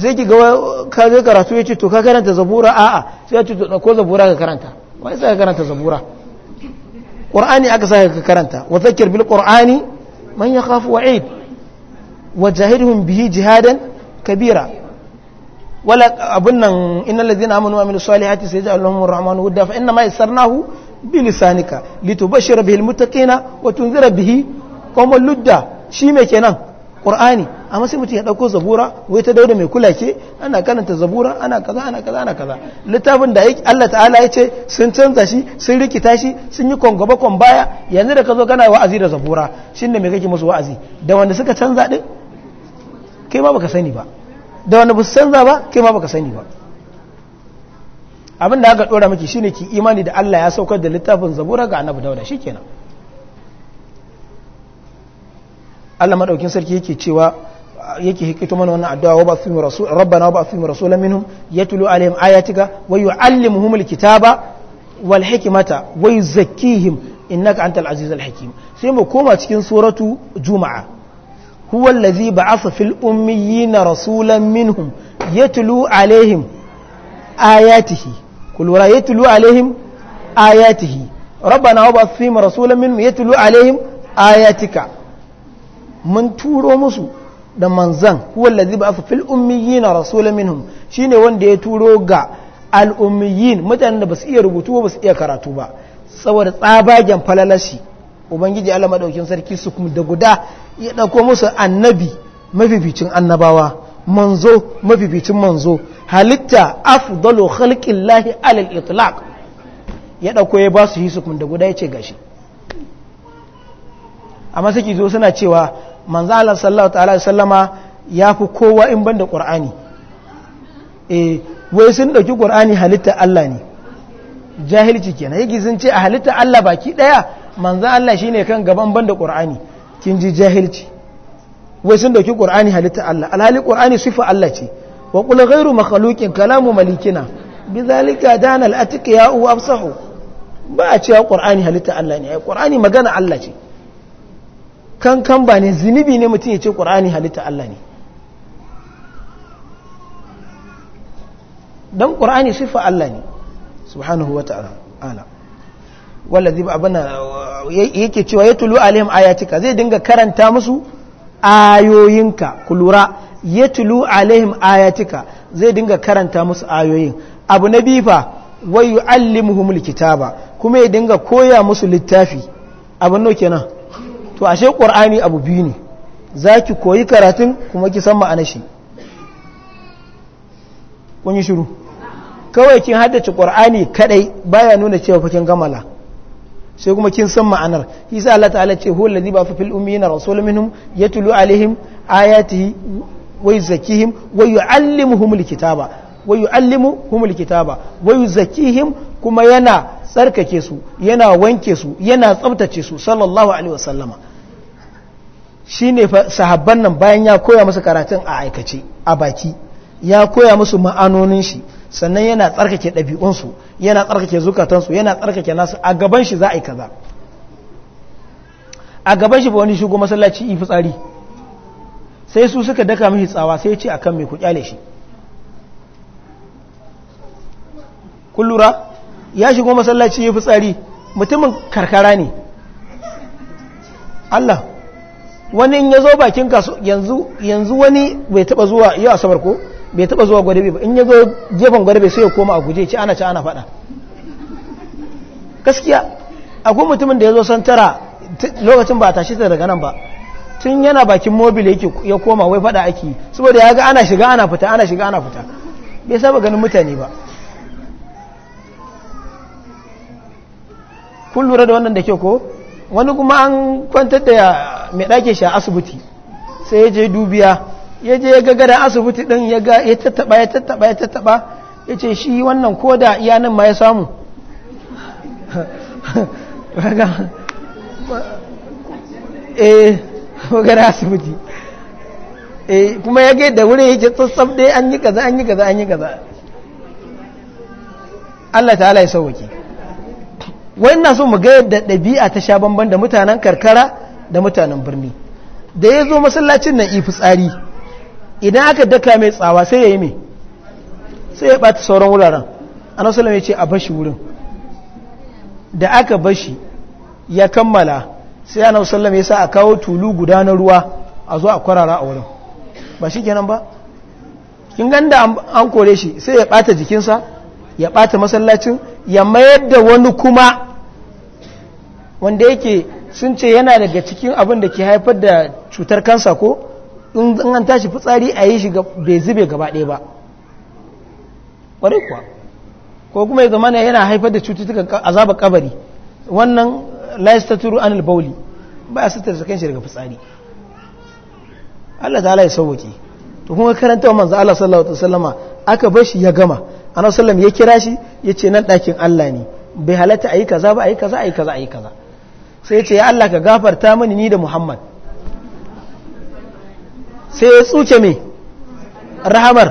sai ki ga ka je karatu ya ce to ka karanta zabura a'a sai ya ce to ko zabura ka karanta wani sai ka karanta zabura qur'ani aka sa ka karanta wa zakir bil qur'ani man yakhafu wa'id wa jahidhum bihi jihadan kabira wala abun nan innal ladina amanu wa amilus salihati sayaj'aluhum ar-rahmanu wudda fa inna ma yassarnahu bi lisanika litubashshira bihi al-muttaqina wa tunzira bihi qawmal ludda shi me kenan ƙur'ani a sai mutum ya ɗauko zabura wai ta dauda mai kula ke ana karanta zabura ana kaza ana kaza ana kaza littafin da Allah ta'ala ya ce sun canza shi sun rikita shi sun yi kongaba baya yanzu da ka zo kana wa'azi da zabura ne mai kake musu wa'azi da wanda suka canza ɗin kai ma baka sani ba da wanda ba su canza ba kai ma baka sani ba abin da aka ɗora miki shine ki imani da Allah ya saukar da littafin zabura ga annabi dauda shikenan Allah madaukin sarki yake cewa yake hikito mana wannan addu'a wa ba'athu min rasul rabbana wa ba'athu min rasulan minhum yatlu alaihim ayatika wa yu'allimuhum alkitaba wal hikmata wa yuzakkihim innaka antal azizul hakim sai mu koma cikin suratu juma'a huwa allazi ba'atha fil ummiyina rasulan minhum yatlu alaihim ayatihi kul wara yatlu alaihim ayatihi rabbana wa ba'athu fihim rasulan minhum yatlu alaihim ayatika mun turo musu da manzan huwa ba ba'atha fil na rasulun minhum ne wanda ya turo ga al mutanen da ba su iya rubutu ba su iya karatu ba saboda tsabagen falalashi ubangiji Allah maɗaukin sarki su kuma da guda ya ɗauko musu annabi mafificin annabawa manzo mafificin manzo halitta afdalu lahi alal itlaq ya ɗauko ya ba su kuma da guda ya ce gashi amma saki ki zo suna cewa manzo Allah sallallahu ta'ala alaihi sallama ya fi kowa in banda qur'ani eh wai sun dauki qur'ani halitta Allah ne jahilci kenan yake sun ce a halitta Allah baki daya manzo Allah shine kan gaban banda qur'ani kin ji jahilci wai sun dauki qur'ani halitta Allah alhali qur'ani sifa Allah ce wa qul ghairu makhluqin kalamu malikina bizalika dana al-atqiya wa afsahu ba a cewa qur'ani halitta Allah ne ai qur'ani magana Allah ce kankan ba ne zunubi ne mutum ya ce ƙur'ani halitta Allah ne don ƙur'ani siffa Allah ne subhanahu wa ta'ala zai ba da yake cewa ya tulu alayhim ayatika zai dinga karanta musu ayoyinka ku lura ya tulu alayhim ayatika zai dinga karanta musu ayoyin abu na bifa wayu allimuhumul kitaba kuma ya dinga koya musu littafi abin nawa kenan to ashe ƙur'ani abu biyu ne za ki koyi karatun kuma ki san ma'ana shi kun shiru kawai kin haddace ƙur'ani kadai baya nuna cewa fa kin gamala sai kuma kin san ma'anar isa Allah ta'ala ce huwa allazi ba fil ummiyina rasulun minhum yatlu alaihim ayatihi wa yuzakkihim wa yuallimuhumul kitaba wa yuallimuhumul kitaba wa yuzakkihim kuma yana tsarkake su yana wanke su yana tsabtace su sallallahu alaihi wasallama shi ne sahabban nan bayan ya koya musu karatun a aikace a baki ya koya musu ma'anonin shi sannan yana tsarkake ɗabi'unsu yana tsarkake zukatansu yana tsarkake nasu a gaban shi za a yi kaza a gaban shi ba wani shigo masallaci ifi tsari sai su suka daka mishi tsawa sai ce akan mai ku kyale shi kullura ya shigo masallaci ifi fitsari mutumin karkara ne Allah wani ya zo bakin kaso yanzu wani bai taba zuwa yau asabar ko bai taba zuwa gwadabe ba in ya zo gefen gwadabe sai ya koma a guje ci ana ci ana fada gaskiya akwai mutumin da ya zo san tara lokacin ba a tashi ta daga nan ba tun yana bakin mobil yake ya koma wai fada ake saboda ya ga ana shiga ana fita ana shiga ana fita bai saba ganin mutane ba kun lura da wannan da ke ko wani kuma an kwantar da mai ɗake shi a asibiti sai ya je dubiya ya je ya gagara asibiti ɗin ya ga ya tattaɓa ya tattaɓa ya tattaɓa ya ce shi wannan ko da iyanin ma ya samu eh, asibiti eh, kuma ya ga da wuri ya ce tsatsab dai an yi kaza an yi kaza an yi kaza Allah ta'ala ya sauwaki wani na so mu ga da ɗabi'a ta sha bambam da mutanen karkara da mutanen birni da ya zo masallacin nan ifi tsari idan aka daka mai tsawa sai ya yi mai sai ya ɓata sauran wuraren ana salama ya ce a bashi wurin da aka bashi ya kammala sai ana salama ya sa a kawo tulu guda na ruwa a zo a kwarara a wurin ba shi kenan ba kin ganda an kore shi sai ya ɓata jikinsa ya ɓata masallacin ya mayar da wani kuma wanda yake sun ce yana daga cikin abin da ke haifar da cutar kansa ko in an tashi fitsari a yi shi bai zube gaba ɗaya ba ƙwarai kuwa ko kuma ya zama yana haifar da cututtukan azabar kabari wannan laistaturu anil bauli ba a sitar sakan shi daga fitsari Allah ta'ala ya sauwake to kuma karanta manzo Allah sallallahu alaihi wasallama aka bar shi ya gama annabi ya kira shi ce nan ɗakin Allah ne bai halatta yi kaza ba a yi kaza a yi kaza a yi kaza sai ce ya Allah ka gafarta mani ni da Muhammad sai ya tsuce mai rahamar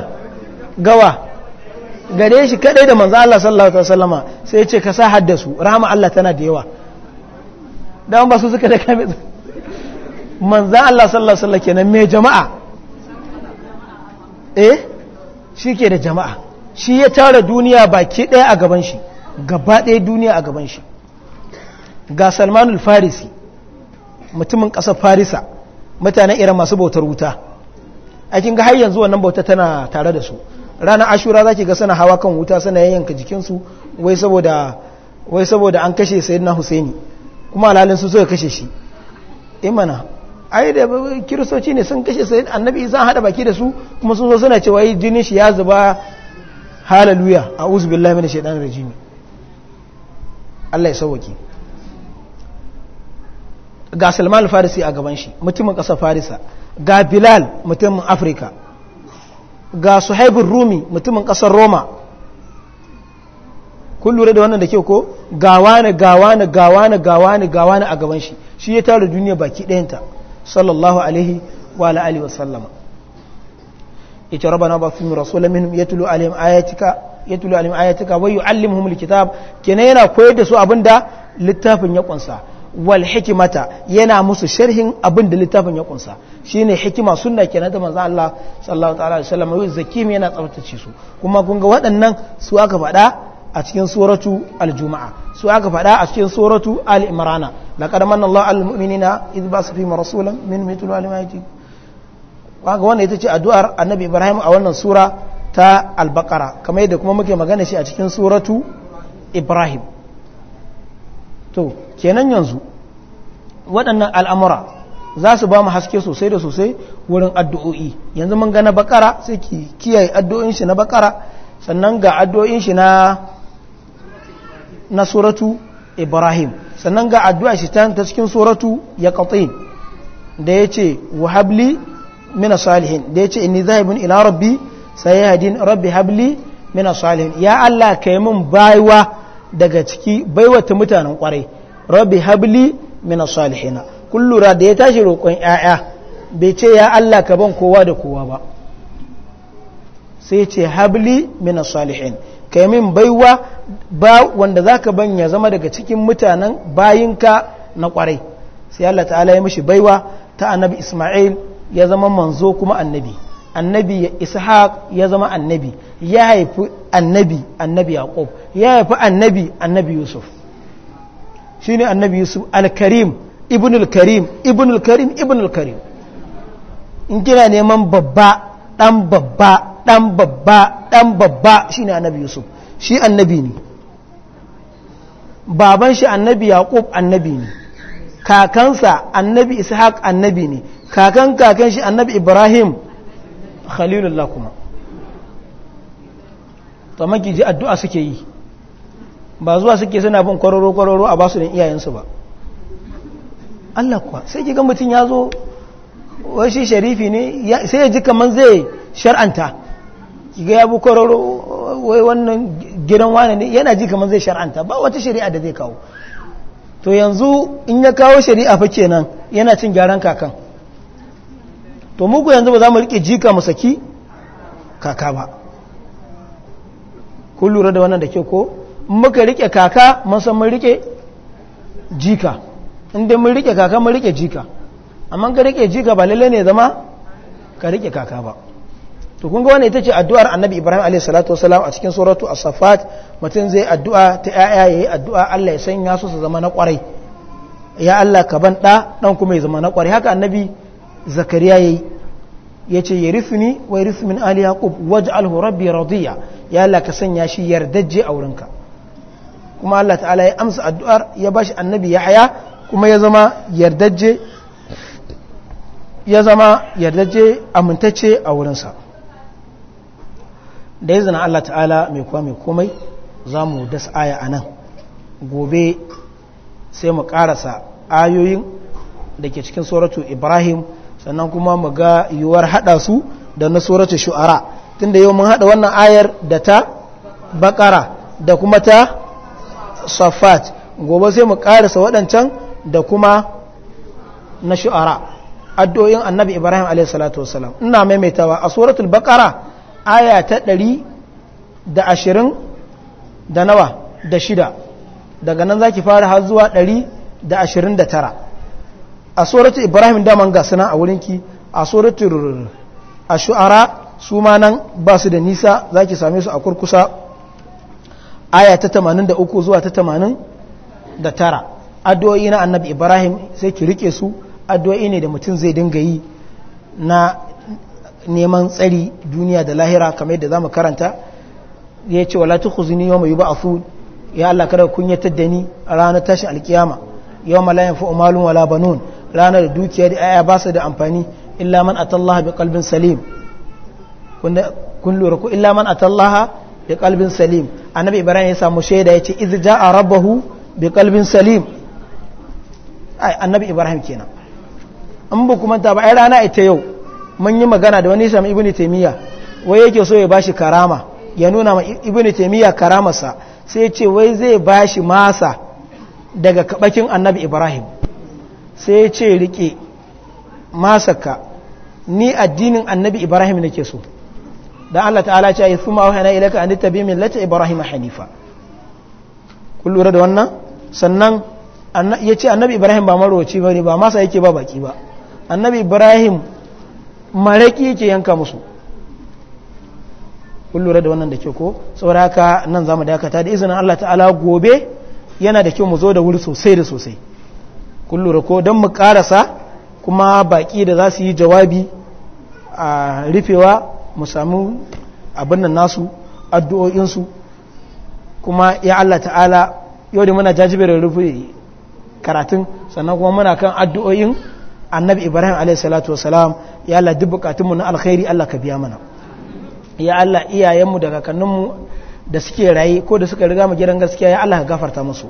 gawa gare shi kadai da manzan Allah sallallahu alaihi wasallama sai ce ka sa haddasu rahama Allah tana da yawa dan ba su suka da kame manzan Allah sallallahu alaihi wasallama kenan mai jama'a eh shi ke da jama'a shi ya tara duniya baki daya a gaban shi gaba daya duniya a gaban shi ga salmanul farisi mutumin ƙasar farisa mutane irin masu bautar wuta a kin ga har yanzu wannan bauta tana tare da su ranar ashura za ki ga sana hawa kan wuta sana yayyanka jikinsu wai saboda an kashe sayyidina husaini kuma alhalin su kashe shi imana eh ai da kiristoci ne sun kashe sayyid annabi zan hada baki da su kuma sun zo suna cewa yi jinin shi ya zuba hallelujah a billahi minash shaidan rajim Allah ya sauwaki ga salman farisi a gaban shi mutumin ƙasar farisa ga bilal mutumin afirka ga suhaibin rumi mutumin ƙasar roma kun lura da wannan da ke ko gawa na gawa na gawa na gawa na gawa na a gaban shi shi ya tara duniya baki ɗayanta sallallahu alaihi wa alihi wa sallama ce rabana ba fi rasulun ya yatlu alim ayatika yatlu alaihim ayatika wa yu'allimuhum kitab kenan yana koyar da su da littafin ya kunsa wal hikimata yana musu sharhin abin da littafin ya kunsa shine hikima sunna kenan da manzo Allah sallallahu alaihi wasallam yau zakim yana tsaftace su kuma kun ga waɗannan su aka faɗa a cikin suratu al su aka faɗa a cikin suratu al-imran laqad manna Allahu al mu'minina idh ba'atha fihim rasulan min mithli al kaga wannan ita ce addu'ar annabi Ibrahim a wannan sura ta al-baqara kamar yadda kuma muke magana shi a cikin suratu Ibrahim to kenan yanzu waɗannan al'amura za su ba mu haske sosai da sosai wurin addu'o'i yanzu mun ga na bakara sai ki kiyaye addu'o'in shi na bakara sannan ga addu'o'in shi na suratu ibrahim sannan ga addu'a shi ta cikin suratu ya da ya ce wahabli mina salihin da ya ce inni zahibin ila rabbi sai ya hadin rabbi habli mina salihin ya Allah ka yi min baiwa daga ciki baiwata mutanen kwarai rabbi habli min salihina kun lura da ya tashi roƙon yaya bai ce ya Allah ka ban kowa da kowa ba sai ce habli min salihin kai min baiwa ba wanda zaka ban ya zama daga cikin mutanen bayinka na kwarai sai Allah ta'ala ya mishi baiwa ta annabi Isma'il ya zama manzo kuma annabi annabi ishaq ya zama annabi ya haifi annabi annabi yaqub ya haifi annabi annabi yusuf shine annabi yusuf al-karim ibn al-karim ibn al-karim ibn al-karim in kina neman babba dan babba dan babba dan babba shine annabi yusuf shi annabi ne baban shi annabi yaqub annabi ne kakansa annabi ishaq annabi ne kakan kakan shi annabi ibrahim khalilullah kuma to maki ji addu'a suke yi ba zuwa suke suna bin kwaroro kwaroro a basu ne iyayensu ba Allah kuwa sai ki ga mutum ya zo wai shi sharifi ne sai ya ji kaman zai shar'anta ki ga ya bu kwaroro wai wannan gidan wani ne yana ji kaman zai shar'anta ba wata shari'a da zai kawo to yanzu in ya kawo shari'a fa kenan yana cin gyaran kakan to muku yanzu ba za mu rike jika mu saki kaka ba kun lura da wannan da ke ko muka rike kaka masan mun rike jika inda mun rike kaka mun rike jika amma ka rike jika ba lalle ne zama ka rike kaka ba to kun ga wannan ita ce addu'ar annabi ibrahim alayhi salatu wasalam a cikin suratu as-saffat mutum zai addu'a ta yaya yayi addu'a Allah ya sanya su su zama na kwarai ya Allah ka ban da dan kuma ya zama na kwarai haka annabi zakariya ya ya yace ni wai yarithu min ali yaqub waje rabbi radiya ya Allah sanya shi yardajje a wurinka kuma Allah ta'ala ya amsa addu'ar ya bashi annabi yahaya kuma ya zama yardajje ya zama yardajje amintacce a wurinsa da ya zana Allah ta'ala mai kuwa mai komai za mu dasa aya a nan gobe sai mu karasa ayoyin da ke cikin soratu ibrahim sannan kuma mu ga yiwuwar haɗa su da na suratul shu'ara tunda yau mun haɗa wannan ayar da ta bakara da kuma ta safat gobe sai mu karisa waɗancan da kuma na shu'ara addu'o'in annabi ibrahim a.s. ina maimaitawa a suratul bakara aya ta ɗari da ashirin da nawa da shida daga nan za ki fara har zuwa ɗari da ashirin da tara a suratu ibrahim daman ga suna a wurinki a suratu a shu'ara su ma nan ba su da nisa za ki same su a kurkusa aya ta tamanin da uku zuwa ta tamanin da tara addu'o'i na annabi ibrahim sai ki rike su addu'o'i ne da mutum zai dinga yi na neman tsari duniya da lahira kamar yadda za mu karanta ya ce wala ba a yub'athun ya Allah kada kunyatar da ni a ranar tashin alkiyama yau malayin fa'umalun wala banun ranar dukiya da aya ba su da amfani illa man atallaha bi kalbin salim kun lura ku illa man atallaha bi kalbin salim annabi ibrahim ya samu shaida ce iz jaa rabbahu bi kalbin salim ai annabi ibrahim kenan an ba kuma ta ba ai rana ita yau mun yi magana da wani sami ibnu taymiya wai yake so ya bashi karama ya nuna ma ibnu taymiya karamarsa sai ya ce wai zai bashi masa daga kabakin annabi ibrahim sai ya ce rike masaka ni addinin annabi ibrahim nake so dan Allah ta'ala ce ayi thumma wahana ilaka an tabi lati ibrahim hanifa kun lura da wannan sannan ya ce annabi ibrahim ba marowaci bane ba masa yake ba baki ba annabi ibrahim maraki yake yanka musu kun lura da wannan da ke ko saboda haka nan zamu dakata da izinin Allah ta'ala gobe yana da kyau mu zo da wuri sosai da sosai kullu rako don mu karasa kuma baki da za su yi jawabi a rufewa mu samu abin nasu addu'o'insu kuma ya Allah ta'ala yau da muna jajibar rufe karatun sannan kuma muna kan addu'o'in annabi ibrahim alaihissalatu wasalam ya Allah duk bukatunmu na alkhairi Allah ka biya mana ya Allah iyayenmu daga kakanninmu da suke raye ko da suka riga mu gidan gaskiya ya Allah ka gafarta musu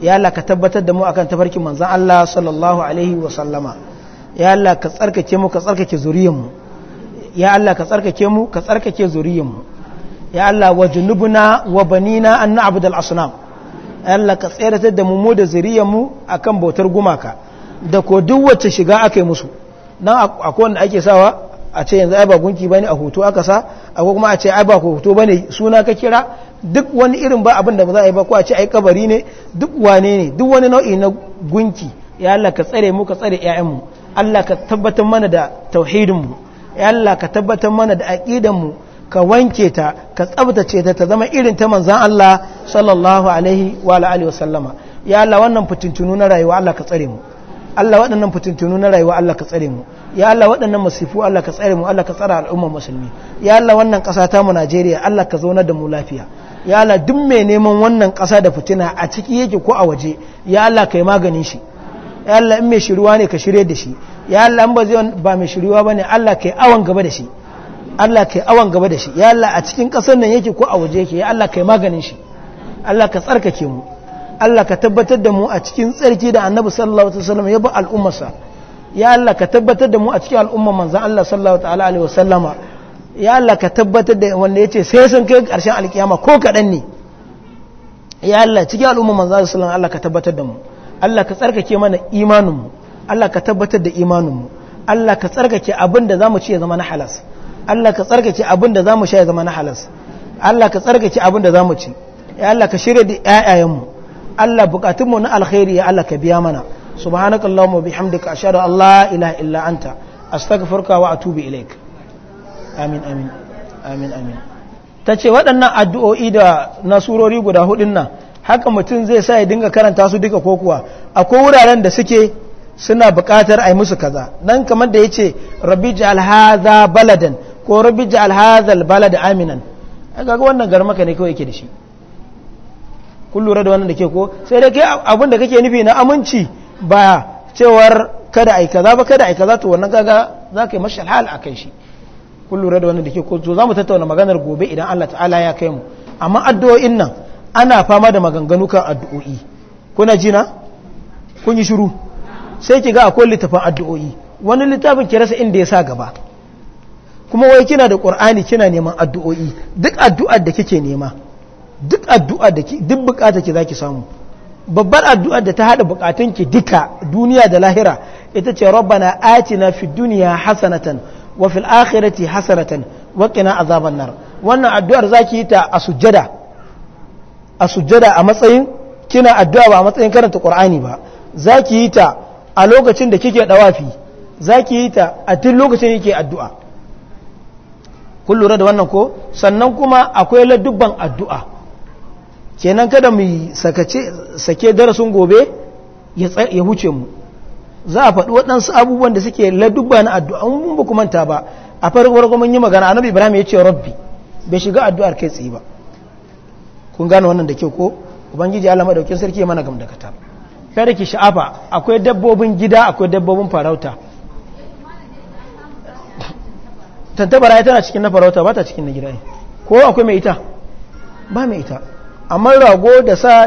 ya Allah ka tabbatar da mu akan tafarkin manzon Allah sallallahu alaihi wa ya Allah ka tsarkake mu ka tsarkake zuriyan mu ya Allah ka tsarkake mu ka tsarkake zuriyan mu ya Allah wa junubuna wa banina an na'budu asnam ya Allah ka tsayar da mu mu da zuriyar mu akan bautar gumaka da ko duk wacce shiga aka yi musu dan akwai wanda ake sawa a ce yanzu ai ba gunki bane a hoto aka sa akwai kuma a ce ai ba hoto bane suna ka kira duk wani irin ba abin da ba za a yi ba ko a ce ai kabari ne duk wane ne duk wani nau'i na gunki ya Allah ka tsare mu ka tsare ƴaƴanmu Allah ka tabbatar mana da tauhidinmu ya Allah ka tabbatar mana da aqidanmu ka wanke ta ka tsabtace ta ta zama irin ta manzon Allah sallallahu alaihi wa alihi wasallama ya Allah wannan fitintunu na rayuwa Allah ka tsare mu Allah waɗannan fitintunu na rayuwa Allah ka tsare mu ya Allah waɗannan masifu Allah ka tsare mu Allah ka tsara al'ummar musulmi ya Allah wannan ƙasa ta mu Najeriya Allah ka zauna da mu lafiya ya Allah duk mai neman wannan ƙasa da fitina a ciki yake ko a waje ya Allah kai maganin shi ya Allah in mai shiruwa ne ka shirye da shi ya Allah in ba zai ba mai shiruwa bane Allah kai awan gaba da shi Allah kai awan gaba da shi ya Allah a cikin ƙasar nan yake ko a waje yake ya Allah kai maganin shi Allah ka tsarkake mu Allah ka tabbatar da mu a cikin tsarki da Annabi sallallahu alaihi wasallam ya ba al'ummarsa ya Allah ka tabbatar da mu a cikin al'ummar manzon Allah sallallahu alaihi wasallama ya Allah ka tabbatar da wanda ya ce sai sun kai ƙarshen alkiyama ko kaɗan ne ya Allah cikin al'umma manzan sulan Allah ka tabbatar da mu Allah ka tsarkake mana imaninmu Allah ka tabbatar da imaninmu Allah ka tsarkake abin da za mu ci ya zama na halas Allah ka tsarkake abin da za mu sha ya zama na halas Allah ka tsarkake abin da za mu ci ya Allah ka shirya da ƴaƴayenmu Allah bukatunmu na alkhairi ya Allah ka biya mana subhanakallahumma bihamdika ashhadu an la ilaha illa anta astaghfiruka wa atubu ilaik amin amin amin amin ta ce waɗannan addu'o'i da nasurori guda hudun nan haka mutum zai sa ya dinga karanta su duka kokuwa akwai wuraren da suke suna buƙatar a yi musu kaza nan kamar da ya ce rabbi ji alhaza baladan ko rabbi ji hadha balada aminan gaga wannan garmaka ne kawai yake da shi kun lura da wannan da ke ko sai da ke abin da kake nufi na aminci ba cewar kada ai kaza ba kada ai kaza to wannan kaga ka yi mashi alhal kai shi kun lura da wannan da ke ko to za mu tattauna maganar gobe idan Allah ta'ala ya kai mu amma addu'o'in nan ana fama da maganganu kan addu'o'i kuna jina kun yi shiru sai ki ga akwai littafin addu'o'i wani littafin ki rasa inda ya sa gaba kuma wai kina da qur'ani kina neman addu'o'i duk addu'ar da kike nema duk addu'ar da ki duk bukatar ki zaki samu babbar addu'ar da ta haɗa bukatunki duka duniya da lahira ita ce rabbana atina fid dunya hasanatan wa fil akhirati hasanatan wa qina azaban nar wannan addu'ar zaki yi ta a sujjada a sujjada a matsayin kina addu'a ba a matsayin karanta qur'ani ba zaki yi ta a lokacin da kike dawafi zaki yi ta a tun lokacin yake addu'a kun lura da wannan ko sannan kuma akwai ladubban addu'a kenan kada mu sake darasin gobe ya huce mu za a faɗi waɗansu abubuwan da suke ladubba na addu'a mun ba kuma ta ba a farkowar kuma yi magana annabi ibrahim ya ce rabbi bai shiga addu'ar kai tsaye ba kun gane wannan da kyau ko ubangiji alama daukin sarki ya mana gam da kata kada ki sha'afa akwai dabbobin gida akwai dabbobin farauta tantabara tana cikin na farauta ba ta cikin na gida ne ko akwai mai ita ba mai ita amma rago da sa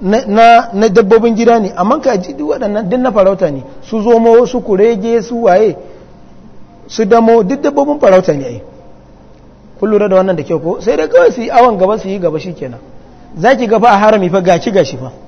na dabbobin gida ne amma kaji duk waɗannan din na farauta ne su zomo su kurege su waye su damo duk dabbobin farauta ne ai kun lura da wannan da kyau ko sai dai kawai su yi awon gaba su yi gaba za zaki gaba a harami fa gaci gashi fa